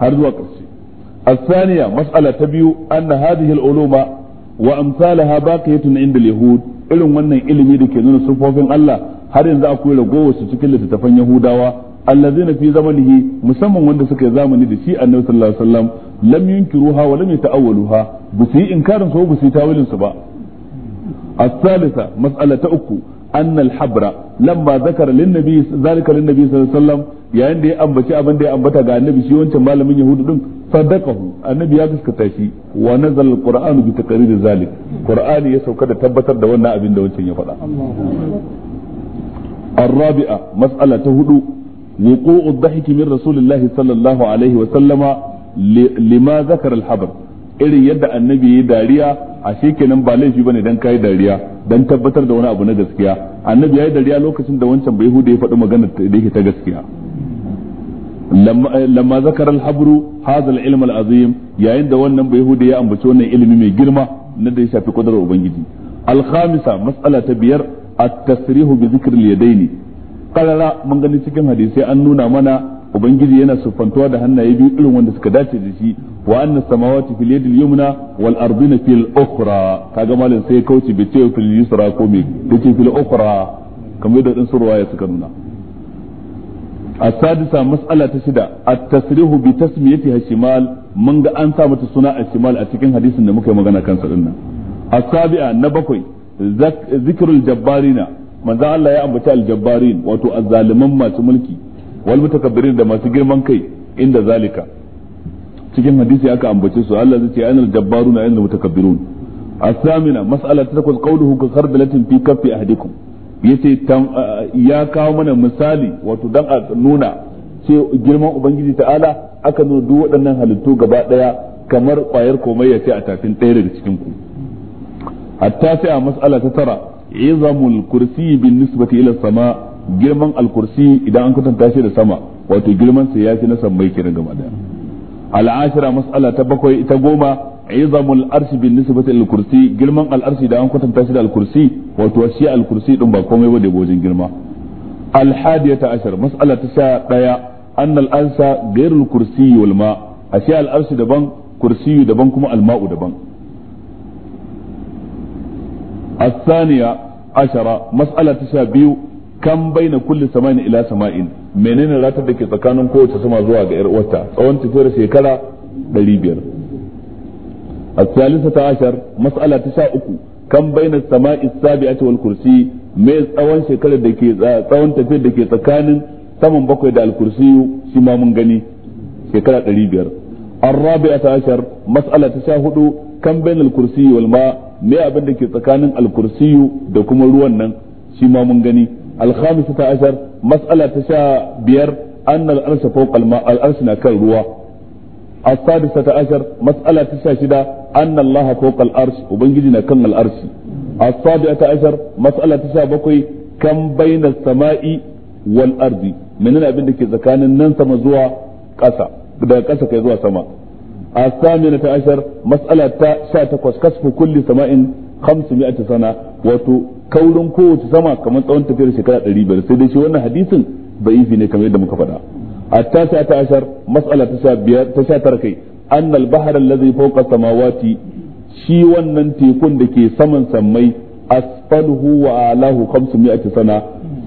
har zuwa ƙarshe الثانية مسألة تبيو أن هذه العلوم وأمثالها باقية عند اليهود irin wannan ilimi da ke nuna sufofin Allah har yanzu akwai ragowar su cikin littattafan Yahudawa na fi zamanihi musamman wanda suka yi zamani da shi annabi sallallahu alaihi wasallam lam yunkiruha wa lam yata'awwaluha ba su yi inkarin su ba su yi tawilin su ba الثالثة مسألة أكو أن الحبر لما ذكر للنبي ذلك للنبي صلى الله عليه وسلم yayin da ya ambaci abin da ya ambata ga annabi shi wancan malamin yahudu din sadaqahu annabi ya gaskata shi wa nazal alquran bi taqrir zalik qur'ani ya sauka da tabbatar da wannan abin da wancan ya faɗa الرابعة مسألة هدوء وقوع الضحك من رسول الله صلى الله عليه وسلم لما ذكر الحبر irin yadda annabi ya dariya a kenan ba laifi bane dan kai dariya dan tabbatar da wani abu na gaskiya annabi ya yi dariya lokacin da wancan bai hude ya faɗi magana da yake ta gaskiya lamma zakar al-habru hadha ilm azim yayin da wannan bai hude ya ambaci wannan ilimi mai girma na da ya shafi kudurar ubangiji al-khamisa mas'ala ta biyar at-tasrihu bi dhikri al-yadaini karara mun gani cikin hadisai an nuna mana ubangiji yana siffantuwa da hannaye biyu irin wanda suka dace da shi wa anna samawati fil yadil yumna wal ardina fil ukhra kaga malin sai kauce bai ce fil yusra ko me yace fil ukhra kamar yadda din surwa ya suka nuna السادسة مسألة شدة التصريح بتسميتها الشمال من cikin hadisin سنة الشمال أتكين حديث النمو كما كان كان السابعة نبقي ذكر الجبارين manzo Allah ya ambaci aljabbarin wato azzaliman masu mulki wal mutakabbirin da masu girman kai inda zalika cikin hadisi aka ambace su Allah zai ce ainal jabbarun ainal mutakabbirun asamina mas'ala ta takwas qawluhu ka khardalatin fi kaffi ahadikum yace ya kawo mana misali wato dan a nuna ce girman ubangiji ta'ala aka nuna duk waɗannan halittu gaba daya kamar kwayar komai ya ce a tafin ɗaya daga cikin ku hatta sai a mas'ala ta tara izamul kursi bin nisbati ila sama girman alkursi idan an kwatanta shi da sama wato girman sa yafi na sammai kenan gaba daya al'ashira mas'ala ta bakwai ta goma izamul arshi bin nisbati ila kursi girman al'arshi idan an da alkursi wato shi alkursi din ba komai bane wajen girma الحادية عشر مسألة تسعة ديا أن الأنسى غير الكرسي والماء أشياء الأرش دبان كرسي دبان كما الماء دبان الثانية عشرة مسألة تشابيو كم بين كل سماء إلى سماء menene ratar da ke tsakanin kowace sama zuwa ga 'yar uwarta tsawon tafiyar shekara الثالثة عشر مسألة تشاء كم بين السماء السابعة والكرسي mai tsawon shekarar da ke tsawon tafiyar da ke tsakanin saman bakwai da alkursiyu shi ma mun gani shekara 500 الرابعة عشر مسألة تشاء كم بين الكرسي والماء me abin da ke tsakanin alkursiyu da kuma ruwan nan shi ma mun gani alhamisu ta ashar mas'ala ta sha biyar an al'arsa fawqa al'arsa na kan ruwa السادسة عشر مسألة تشاشدة أن الله فوق الأرش وبنجدنا كم الأرش السابعة عشر مسألة تشابكي كم بين السماء والأرض من أنا أبنك إذا كان ننسى مزوع قسى da ƙasa kai zuwa sama الثامنة عشر مسألة شاتك كسف كل سماء خمسمائة سنة وتو كولن كو سما كما تون تفير شكرا تريبا سيدي شو أن حديث ضعيف كما يدى مكفدا التاسعة عشر مسألة تشاتر كي أن البحر الذي فوق السماوات shi wannan tekun da ke saman sammai asfaluhu wa alahu 500 sana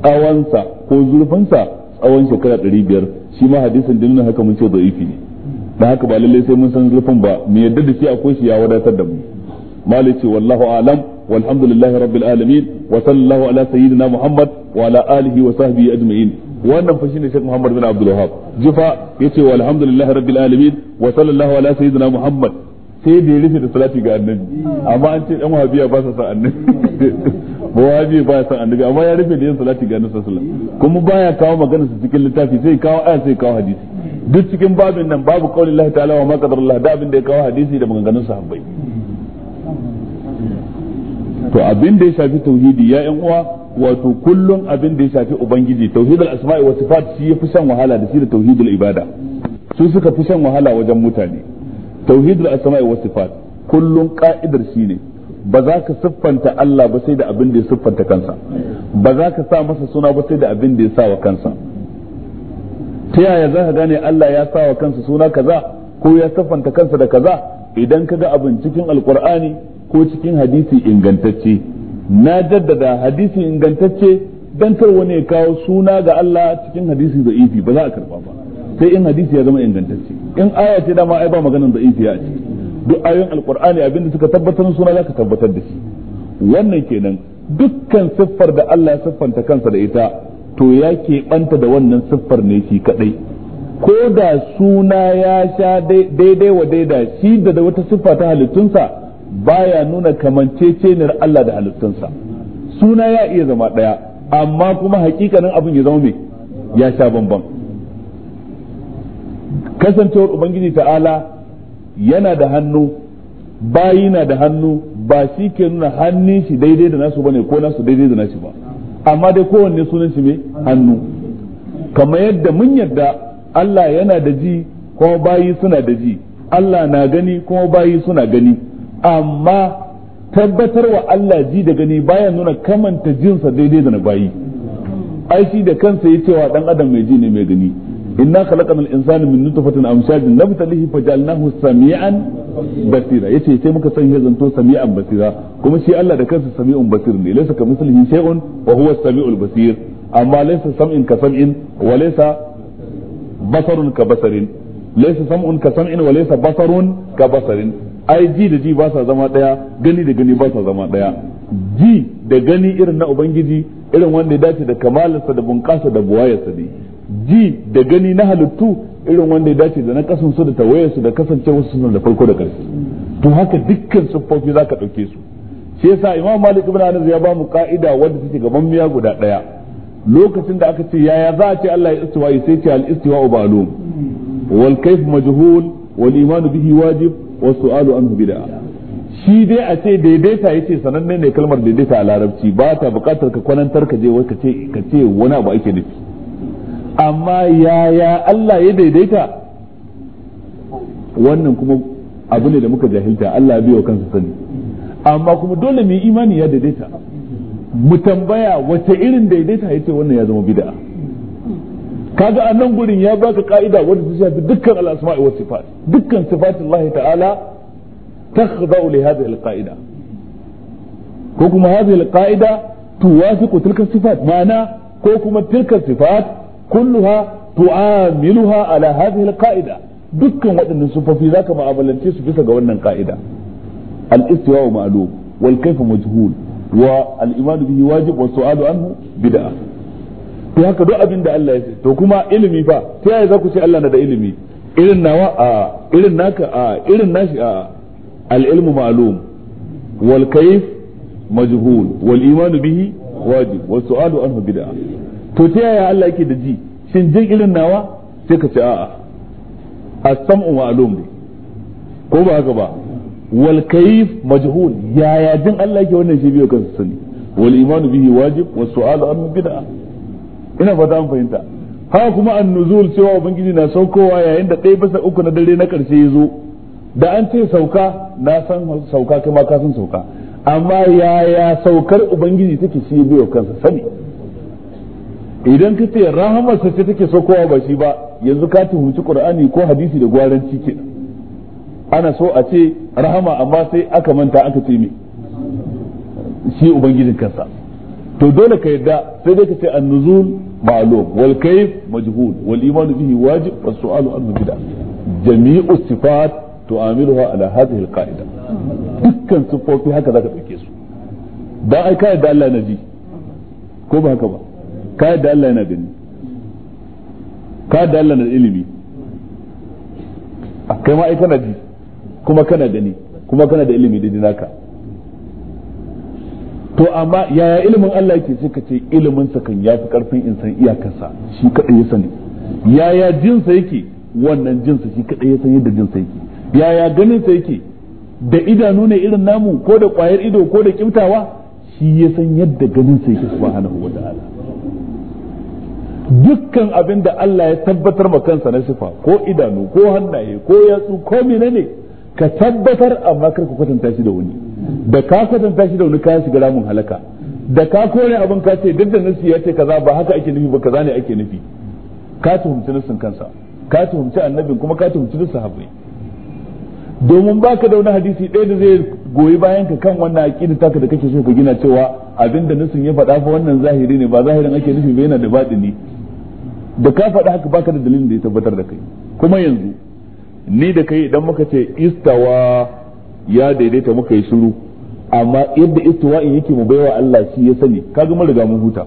tsawonsa ko zurfinsa tsawon shekara 500 shi ma hadisin dinnan haka mun ce da'ifi ne da haka ba lalle sai mun san zurfin ba mu yadda da shi akwai shi ya wadatar da mu malici wallahu alam walhamdulillahi rabbil alamin wa sallallahu ala sayyidina muhammad wa ala alihi wa sahbihi ajma'in wannan fa shine Sheikh Muhammad bin Abdul Wahhab jifa yace walhamdulillahi rabbil alamin wa sallallahu ala sayyidina muhammad sai da ya rufe da salati ga annabi amma an ce dan wahabiya ba sa san annabi ba wahabiya ba sa annabi amma ya rufe da yin salati ga annabi sallallahu alaihi wasallam kuma baya kawo magana su cikin littafi sai kawo aya sai kawo hadisi duk cikin babin nan babu kaulin Allah ta'ala wa maqdarullah da abin da ya kawo hadisi da maganganun sahabbai to abin da ya shafi tauhidi ya yan uwa wato kullum abin da ya shafi ubangiji tauhidul asma'i wa sifat shi yafi shan wahala da shi da tauhidul ibada su suka fi shan wahala wajen mutane tauhidul asma'i wa sifat kullum ka'idar shi ne ba za ka siffanta Allah ba sai da abin da ya siffanta kansa ba za ka sa masa suna ba sai da abin da ya sa wa kansa ta yaya za ka gane Allah ya sa wa kansa suna kaza ko ya siffanta kansa da kaza idan ka ga abin cikin alkur'ani ko cikin hadisi ingantacce na jaddada hadisi ingantacce dan tar wani ya kawo suna ga Allah cikin hadisi da ifi ba za a karba ba sai in hadisi ya zama ingantacce in aya ce dama ai ba maganan da ifi ya ce duk ayoyin alkur'ani abinda suka tabbatar suna za ka tabbatar da shi wannan kenan dukkan siffar da Allah ya siffanta kansa da ita to ya keɓanta da wannan siffar ne shi kadai ko da suna ya sha daidai wa daida shi da wata siffa ta halittunsa baya nuna kamancecenar Allah da halittunsa suna ya iya zama ɗaya amma kuma hakikanin abin ya zama mai ya sha bambam. kasancewar ubangiji ta'ala yana da hannu bayi na da hannu ba shi ke nuna hannun shi daidai da nasu bane ko nasu daidai da nasu ba amma dai kowanne sunan shi mai hannu kamar yadda mun yadda Allah yana da ji kuma bayi suna da ji Allah na gani kuma bayi suna gani amma tabbatar wa Allah ji da gani bayan nuna kamanta jinsa daidai da na bayi ai da kansa ya cewa dan adam mai ji ne mai gani inna khalaqnal insana min nutfatin amshajin nabtalihi fajalnahu samian basira yace sai muka sanya zanto samian basira kuma shi Allah da kansa samiun basir ne laysa kamithlihi shay'un wa huwa as-sami'ul basir amma laysa sam'in ka sam'in wa laysa basarun ka basarin laysa sam'un ka sam'in wa laysa basarun ka basarin ai ji da ji ba sa zama daya gani da gani ba sa zama daya ji da gani irin na ubangiji irin wanda ya dace da kamalarsa da bunƙasa da buwayarsa ne ji da gani na halittu irin wanda ya dace da na kasan su da tawayar su da wasu sunan da farko da karshe to haka dukkan siffofi ka ɗauke su shi yasa imam malik ibn anas ya ba mu ka'ida wanda take gaban miya guda ɗaya. lokacin da aka ce yaya za a ce Allah ya ya sai ce al wa ba'lum wal kayf majhul wal iman bihi wajib was su'alu anhu bid'a shi dai a ce daidaita yace sananne ne kalmar daidaita a larabci ba ta bukatar ka kwanantar ka je ka ce ka ce wani abu ake nufi amma yaya Allah ya daidaita wannan kuma abu ne da muka jahilta Allah biyo kansa sani amma kuma dole mu imani ya daidaita mu tambaya wace irin daidaita yace wannan ya zama bid'a kaga a nan gurin ya baka ka'ida wanda ta shafi dukkan al'asma'i wa sifat dukkan Allah ta'ala takhda'u li hadhihi al-qa'ida ko kuma hadhihi al-qa'ida tuwafiqu tilka sifat ma'ana ko kuma tilka sifat kulluha tu'amiluha ala hadhihi alqa'ida dukkan waɗannan sufofi zaka mu'amalance su bisa ga wannan ka'ida al-istiwa ma'lum wal kayf majhul wa al-iman bihi wajib wa to haka duk abin da Allah ya ce to kuma ilimi fa ta yaya za ku ce Allah na da ilimi irin nawa a irin naka a irin nashi a al-ilmu ma'lum wal kayf majhul wal iman bihi wajib wa su'alu anhu bid'a to ta yaya Allah yake da ji shin jin irin nawa sai ka ce a'a A samu ma'lum ne ko ba haka ba wal kayf majhul yaya jin Allah yake wannan shi biyo kansu sani wal imanu bihi wajib wa su'alu an bid'a ina fata an fahimta haka kuma an-nuzul cewa ubangiji na saukowa yayin da ɗaya bisa uku na dare na karshe ya zo da an ce sauka na san sauka kai ma ka san sauka amma yaya saukar ubangiji take shi biyo kansa sani idan ka ce rahamar sa ce take sokowa ba shi ba yanzu ka tuhumci qur'ani ko hadisi da gwaranci ke ana so a ce rahama amma sai aka manta aka ce me shi ubangijin kansa to dole ka yadda sai dai ka ce annuzul ma'lum wal kayf majhul wal iman bihi wajib was su'alu an bid'a jami'u sifat tu'amiluha ala hadhihi al-qa'ida dukkan sifofi haka zaka dauke su dan ai ka yadda Allah na ji ko ba haka ba ka yadda Allah yana gani ka yadda Allah na ilimi ah, kai ma kana ji kuma kana gani kuma kana da ilimi da jinaka to amma yaya ilimin Allah yake sai ka ce ilimin sa kan yafi karfin insan iyakarsa shi kadai ya sani yaya jinsa yake wannan jinsa shi kadai ya san yadda jinsa yake yaya ganin sa yake da idanu ne irin namu ko da kwayar ido ko da kimtawa shi ya san yadda ganin sa yake subhanahu wa ta'ala dukkan abin da Allah ya tabbatar ma kansa na sifa ko idanu ko hannaye ko yatsu ko mene ne ka tabbatar amma kar ka kwatanta shi da wani da ka kwatanta shi da wani ka shiga ramin halaka da ka kone abin ka ce duk da nasu ya ce kaza ba haka ake nufi ba kaza ne ake nufi ka tuhumci nasu kansa ka tuhumci annabin kuma ka tuhumci nasu sahabbai domin baka da wani hadisi ɗaya da zai goyi bayan ka kan wannan aƙidar taka da kake so ka gina cewa abinda nasin ya faɗa fa wannan zahiri ne ba zahirin ake nufi ba yana da baɗi ne. da ka faɗa haka baka da dalilin da ya tabbatar da kai kuma yanzu ni da kai idan muka ce istawa ya daidaita muka yi shiru amma yadda in yake mu baiwa Allah shi ya sani kaga mun riga mun huta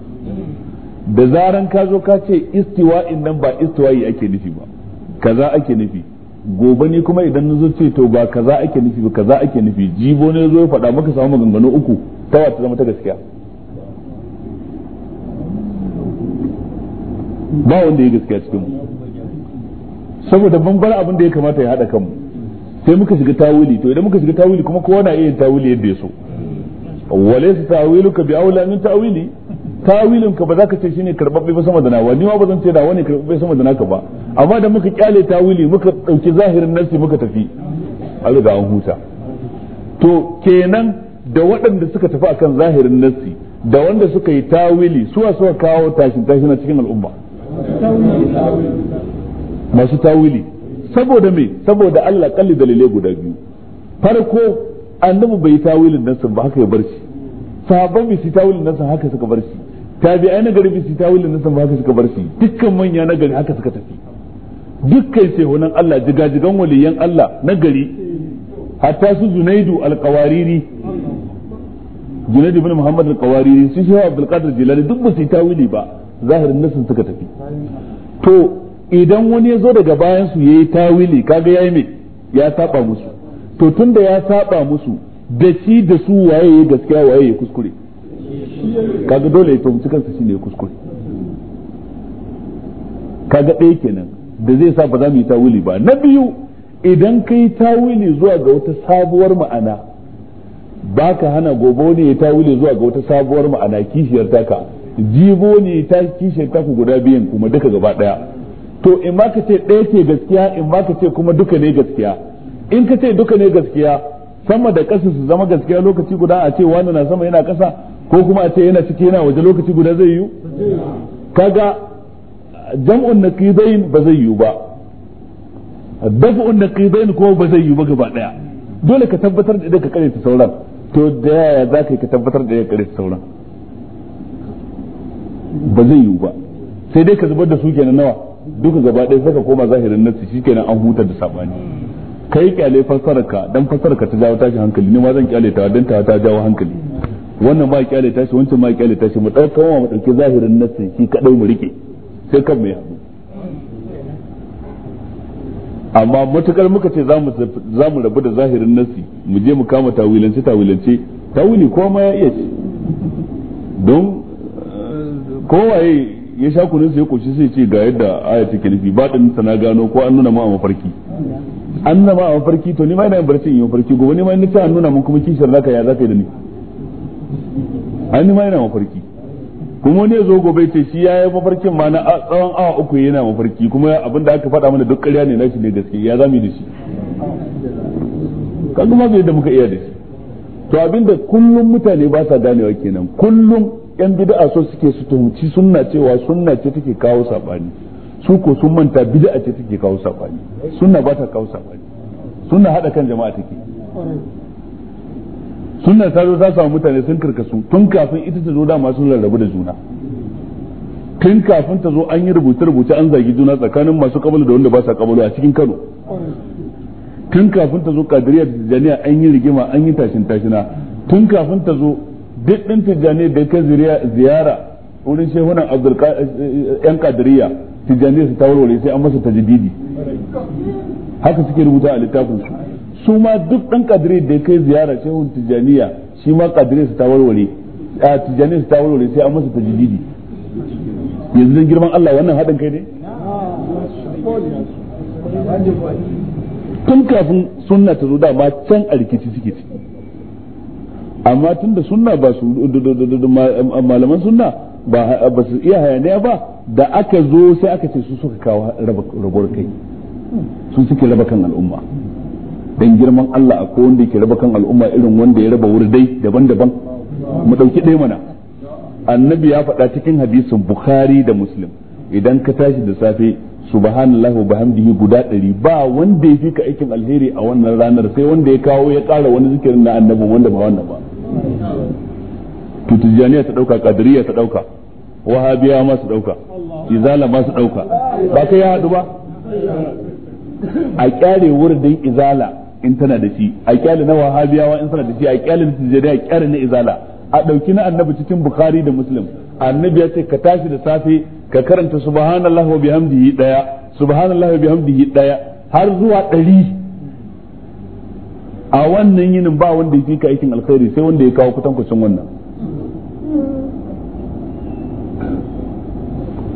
da zaran ka zo ka ce istiwa'in nan ba istiwa'i ake nufi ba kaza ake nufi gobe ne kuma idan na zo ce to ba kaza ake nufi ba kaza ake nufi jibo ne zo ya faɗa maka samu maganganu uku ta wata zama ta gaskiya ba wanda ya gaskiya cikin mu saboda bambar abin da ya kamata ya haɗa kanmu sai muka shiga tawili to idan muka shiga tawili kuma kowa na iya tawili yadda ya so walaysa ka bi aula min tawili tawilin ka ba za ka ce shine karbabbe ba sama da nawa ni ma ba zan ce da wani karbabbe sama da naka ba amma da muka kyale tawili muka dauki zahirin nafsi muka tafi an riga an huta to kenan da waɗanda suka tafi akan zahirin nafsi da wanda suka yi tawili suwa suka kawo tashin tashin a cikin al'umma masu tawili saboda me saboda Allah kalli dalilai guda biyu farko annabi bai tawilin nafsin ba haka ya bar shi sahabban bai su tawilin nafsin haka suka bar shi tabi'ai na gari bisi ta wulin nasan haka suka bar shi dukkan manya na gari haka suka tafi dukkan shehunan Allah jigajigan waliyan Allah na gari hatta su Junaidu al-Qawariri Junaidu ibn Muhammad al-Qawariri su Shehu Abdul Qadir Jilani duk ba su wuli ba zahirin nasan suka tafi to idan wani ya zo daga bayan su yayi tawili kaga yayi me ya saba musu to tunda ya saba musu da shi da su waye gaskiya waye kuskure kaga dole ya tuhumci kansa shine ya kuskure kaga ɗaya kenan da zai sa ba za mu yi tawili ba na biyu idan kai tawili zuwa ga wata sabuwar ma'ana baka hana gobe ne ya tawili zuwa ga wata sabuwar ma'ana kishiyar taka jibo ne ta kishiyar taku guda biyan kuma duka gaba daya to in ma ka ce ɗaya ce gaskiya in ma ka ce kuma duka ne gaskiya in ka ce duka ne gaskiya sama da ƙasa su zama gaskiya lokaci guda a ce wani na sama yana ƙasa ko kuma a ce yana ciki yana waje lokaci guda zai yiwu kaga jam'un naqidain ba zai yiwu ba daf'un naqidain kuma ba zai yiwu ba gaba daya dole ka tabbatar da ka kare ta sauran to da yaya za ka yi ka tabbatar da ka kare ta sauran ba zai yiwu ba sai dai ka zubar da su kenan nawa duka gaba ɗaya saka koma zahirin nassi shikenan an huta da sabani kai kyale fassararka dan fassararka ta jawo tashin hankali ne ma zan kyale ta dan ta ta jawo hankali wannan ba kyale tashi wancan ba kyale tashi mu dauka kuma mu dauki zahirin nassi shi kadai mu rike sai kan mai hadu amma matukar muka ce za mu rabu da zahirin nassi mu je mu kama tawilance tawilance tawili ko ma ya iya ci don eh, kowaye ya sha kunin sai koshi sai ce ga yadda aya take nufi ba din sana gano ko an nuna ma a mafarki an nuna ma a mafarki to ni ma ina barci in yi mafarki gobe ni ma ina ce an nuna mun kuma kishar zaka ya zaka yi da ni ainihin ma yana mafarki kuma wani ya zo gobe ce shi ya yi mafarkin ma na tsawon awa uku yana mafarki kuma abin da aka faɗa mana duk ƙarya ne nashi ne gaske ya zami da shi kan kuma zai da muka iya da shi to abinda kullum mutane ba sa ganewa kenan kullum yan bid'a so suke su tuhumci sunna cewa sunna ce take kawo sabani su ko sun manta bid'a ce take kawo sabani sunna ba ta kawo sabani sunna hada kan jama'a take sunna ta zo ta samu mutane sun karkasu tun kafin ita ta zo da masu rarrabu da juna tun kafin ta zo an yi rubuce-rubuce an zagi juna tsakanin masu kabalu da wanda ba sa kabalu a cikin Kano tun kafin ta zo kadiriya da tijjaniya an yi rigima an yi tashin tashina tun kafin ta zo duk ɗin tijjaniya da ka ziyara wurin shehunan eh, eh, yan kadiriya tijjaniya su ta warware sai an masa tajididi haka suke rubuta a littafin su su ma duk ɗan kadiri da kai ziyara shehu tijaniya shi ma kadiri su ta warware a tijaniya su ta warware sai an masa ta jididi yanzu don girman Allah wannan hadin kai ne tun kafin sunna ta zo dama can a rikici suke ci amma tun da sunna ba su malaman sunna ba su iya hayaniya ba da aka zo sai aka ce su suka kawo rabuwar kai su suke raba kan al'umma dan girman Allah akwai wanda yake raba kan al'umma irin wanda ya raba wurdai daban-daban mu dauki ɗaya mana annabi ya faɗa cikin hadisin bukhari da muslim idan ka tashi da safe subhanallahi wa bihamdihi guda ɗari ba wanda ya fi ka aikin alheri a wannan ranar sai wanda ya kawo ya ƙara wani zikirin na annabi wanda ba wannan ba tutujaniya ta ɗauka kadiriya ta ɗauka wahabiya ma su ɗauka izala ma su ɗauka ba kai ya haɗu ba a kyare wurin izala in tana da shi a kyale na wahabiyawa in suna da shi a kyale na tijjariya a kyale na izala a ɗauki na annabi cikin bukhari da muslim annabi ya ce ka tashi da safe ka karanta subhanallahi wa bihamdihi daya subhanallahi wa bihamdihi daya har zuwa ɗari a wannan yinin ba wanda ya fi ka aikin alkhairi sai wanda ya kawo kucin wannan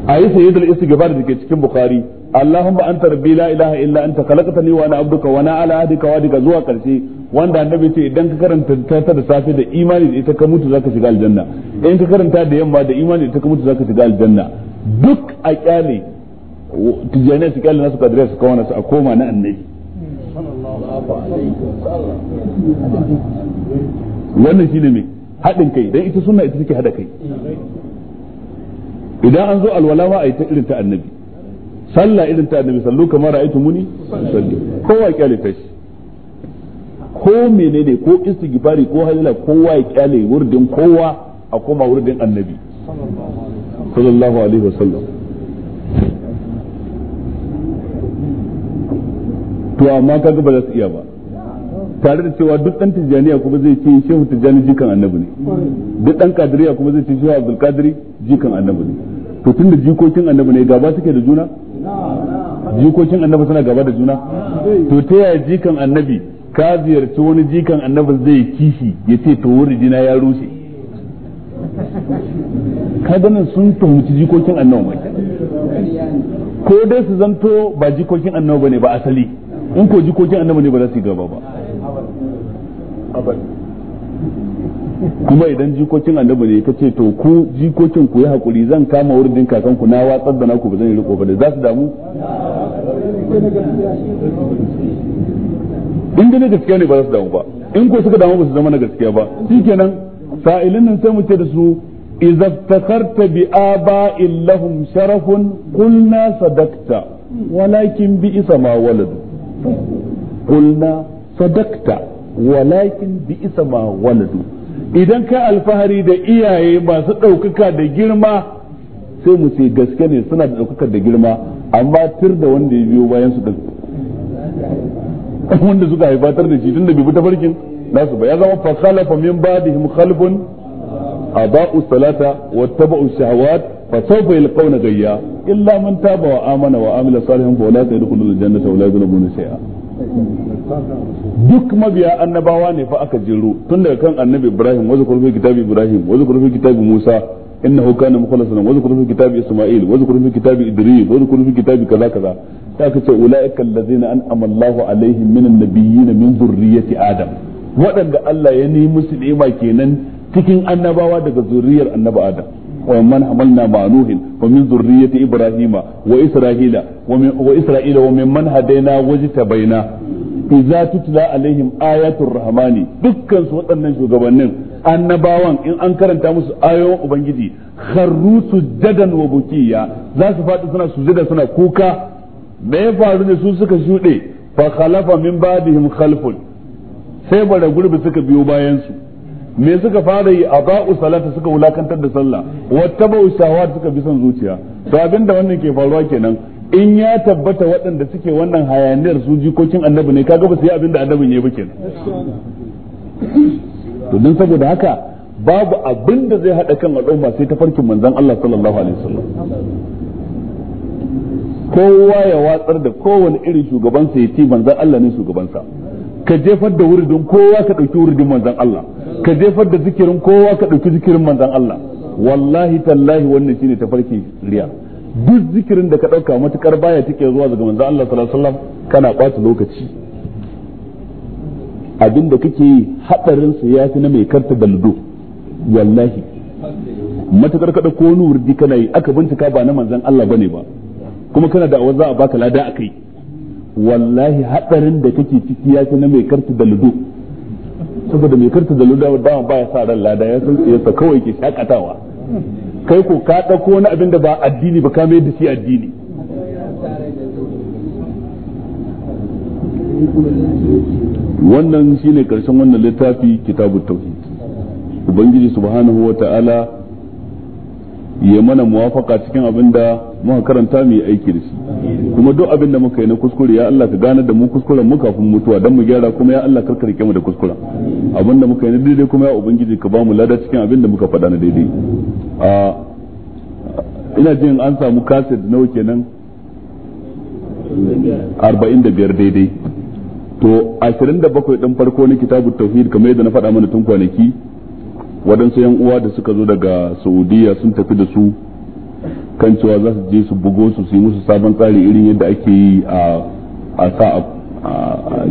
a yi sayyidul gaba da ke cikin bukhari Allahumma anta rabbi la ilaha illa anta khalaqtani wa ana abduka wa ana ala ahdika wa adika zuwa karshe idan ka karanta ta da safe da imani da ita ka mutu zaka shiga aljanna in ka karanta da yamma da imani da ita ka mutu zaka shiga aljanna duk a kyale tijaniya su kyale nasu kadiriya su kawo nasu a koma na annabi wannan shine mai haɗin kai dan ita sunna ita take hada kai idan an zo alwala ma a yi ta irin ta annabi sallah irin ta annabi sallu kamar ra'aytu muni sallu kowa ya kyale tashi ko menene ko istighfari ko halala kowa ya kyale wurdin kowa a koma wurdin annabi sallallahu alaihi wasallam to amma kaga ba za su iya ba tare da cewa duk dan Tijaniya kuma zai ce shehu tijani jikan annabi ne duk dan kadiriya kuma zai ce shehu abdul kadiri jikan annabi ne to tunda jikokin annabi ne gaba suke da juna jikokin annabi suna gaba da juna to ta yaya jikan annabi ka ziyarci wani jikan annabi zai kishi ya ce to wuri jina ya rushe ka ganin sun tuhumci jikokin annabi mai ko dai su zanto ba jikokin annabi bane ba asali in ko jikokin annabi ne ba za su yi gaba ba kuma idan jikokin annabi ne ce to ku jikokin ku yi hakuri zan kama wurin kakan ku na watsar da naku ba zan yi riko ba ne za su damu in dai gaskiya ne ba za su damu ba in ko suka damu ba su zama na gaskiya ba shikenan sa'ilin nan sai mu ce da su idza takharta bi aba'in lahum sharafun qulna sadaqta walakin bi isa ma qulna sadaqta walakin bi isa ma waladu idan kai alfahari da iyaye masu ɗaukaka da girma sai mu ce gaske ne suna da ɗaukaka da girma amma tir da wanda ya biyo bayan su ɗin wanda suka haifatar da shi tun da bai ta farkin nasu ba ya zama fa khalafa min ba'dihim khalfun aba'u salata wa tabu'u shahawat fa sawfa yalqawna gayya illa man taba wa amana wa amila salihan fa ulaka yadkhuluna al-jannata wa la yuzlamuna shay'a duk mabiya annabawa ne fa aka jiro tun daga kan annabi ibrahim wa zikru fi kitabi ibrahim wa zikru fi kitabi musa innahu kana mukhlasan wa zikru fi kitabi isma'il wa zikru fi kitabi idris wa zikru fi kitabi kaza kaza ta ka ce ulaika allazina an'ama Allahu alaihim minan nabiyyin min zurriyyati adam waɗanda Allah ya nemi musu ni'ima kenan cikin annabawa daga zuriyar annabi adam ومن حملنا مع نوح ومن ذرية إبراهيم وإسرائيل ومن وإسرائيل ومن من هدينا واجتبينا iza tutla alaihim ayatul rahmani dukkan su waɗannan shugabannin annabawan in an karanta musu ayoyin ubangiji kharru sujadan wa bukiya za su faɗi suna sujada suna kuka me ya faru ne su suka shuɗe fa khalafa min ba'dihim khalfun sai bara gurbi suka biyo bayan su me suka fara yi aba'u salata suka wulakantar da sallah wattaba'u shawar suka bi son zuciya to abinda wannan ke faruwa kenan in ya tabbata waɗanda suke wannan hayaniyar su jikokin annabi ne kaga ba su yi abin da annabin ya yi ba to don saboda haka babu abin da zai haɗa kan al'umma sai ta farkin manzon Allah sallallahu alaihi wasallam kowa ya watsar da kowane irin shugaban sa yace manzon Allah ne shugaban sa ka jefar da wuridin kowa ka ɗauki wuridin manzon Allah ka jefar da zikirin kowa ka ɗauki zikirin manzon Allah wallahi tallahi wannan shine tafarki riya duk zikirin da ka ɗauka matukar baya take zuwa daga manzo Allah sallallahu alaihi wasallam kana ɓata lokaci abinda kake yi hadarin sa yafi na mai karta daldo, wallahi matukar ka ko wani wurdi kana yi aka bincika ba na manzon Allah bane ba kuma kana da awar za a baka lada akai wallahi hadarin da kake ciki yafi na mai karta daldo, saboda mai karta da ludo ba ya sa ran lada ya san kawai ke shakatawa kai ko ka ɗauko wani abin da ba addini ba ka mai da shi addini wannan shine karshen wannan littafi kitabu tauhid ubangiji subhanahu wa ta'ala ya mana muwafaka cikin abin da muka karanta mu yi aiki da shi kuma duk abin da muka yi na kuskure ya Allah ka gane da mu kuskuren mu kafin mutuwa dan mu gyara kuma ya Allah ka rike mu da kuskuren abin da muka yi na daidai kuma ya ubangiji ka ba mu lada cikin abin da muka faɗa na daidai a ina jin an samu kaset nawa kenan 45 daidai to 27 din farko na kitabut tauhid kamar yadda na faɗa mana tun kwanaki waɗansu yan uwa da suka zo daga saudiya sun tafi da su kan cewa za su je su bugo su su yi musu sabon tsari irin yadda ake yi a a sa a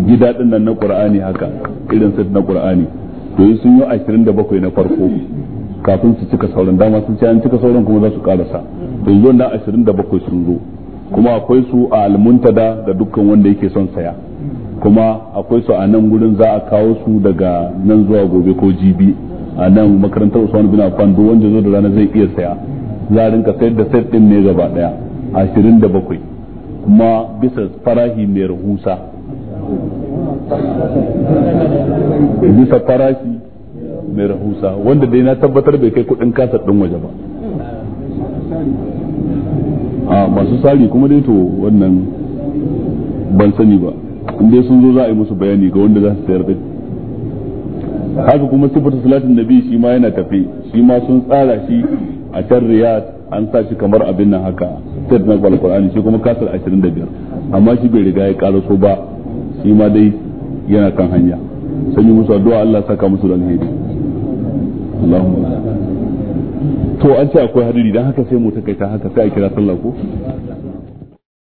gida ɗin nan na qur'ani haka irin set na qur'ani to yi sun yi 27 na farko kafin su cika sauran dama sun ce an cika sauran kuma za su karasa to yanzu na 27 sun zo kuma akwai su a almuntada da dukkan wanda yake son saya kuma akwai su a nan gurin za a kawo su daga nan zuwa gobe ko jibi a nan makarantar usman bin affan duk wanda zo da rana zai iya saya za a rinka sayar da set din ne gaba daya ashirin da bakwai kuma bisa farahi mai rahusa bisa farashi mai rahusa wanda dai na tabbatar bai kai kudin kasar din waje ba a masu sari kuma dai to wannan ban sani ba inda sun zo za a yi musu bayani ga wanda za su sayar din haka kuma sifatu salatin nabi shi ma yana tafe shi ma sun tsara shi a can riyad an sa shi kamar abin nan haka set na alkur'ani shi kuma kasar 25 amma shi bai riga ya karaso ba shi ma dai yana kan hanya sun yi musu addu'a Allah saka musu da alheri Allahumma to an ce akwai hadiri dan haka sai mu takaita haka sai a kira sallah ko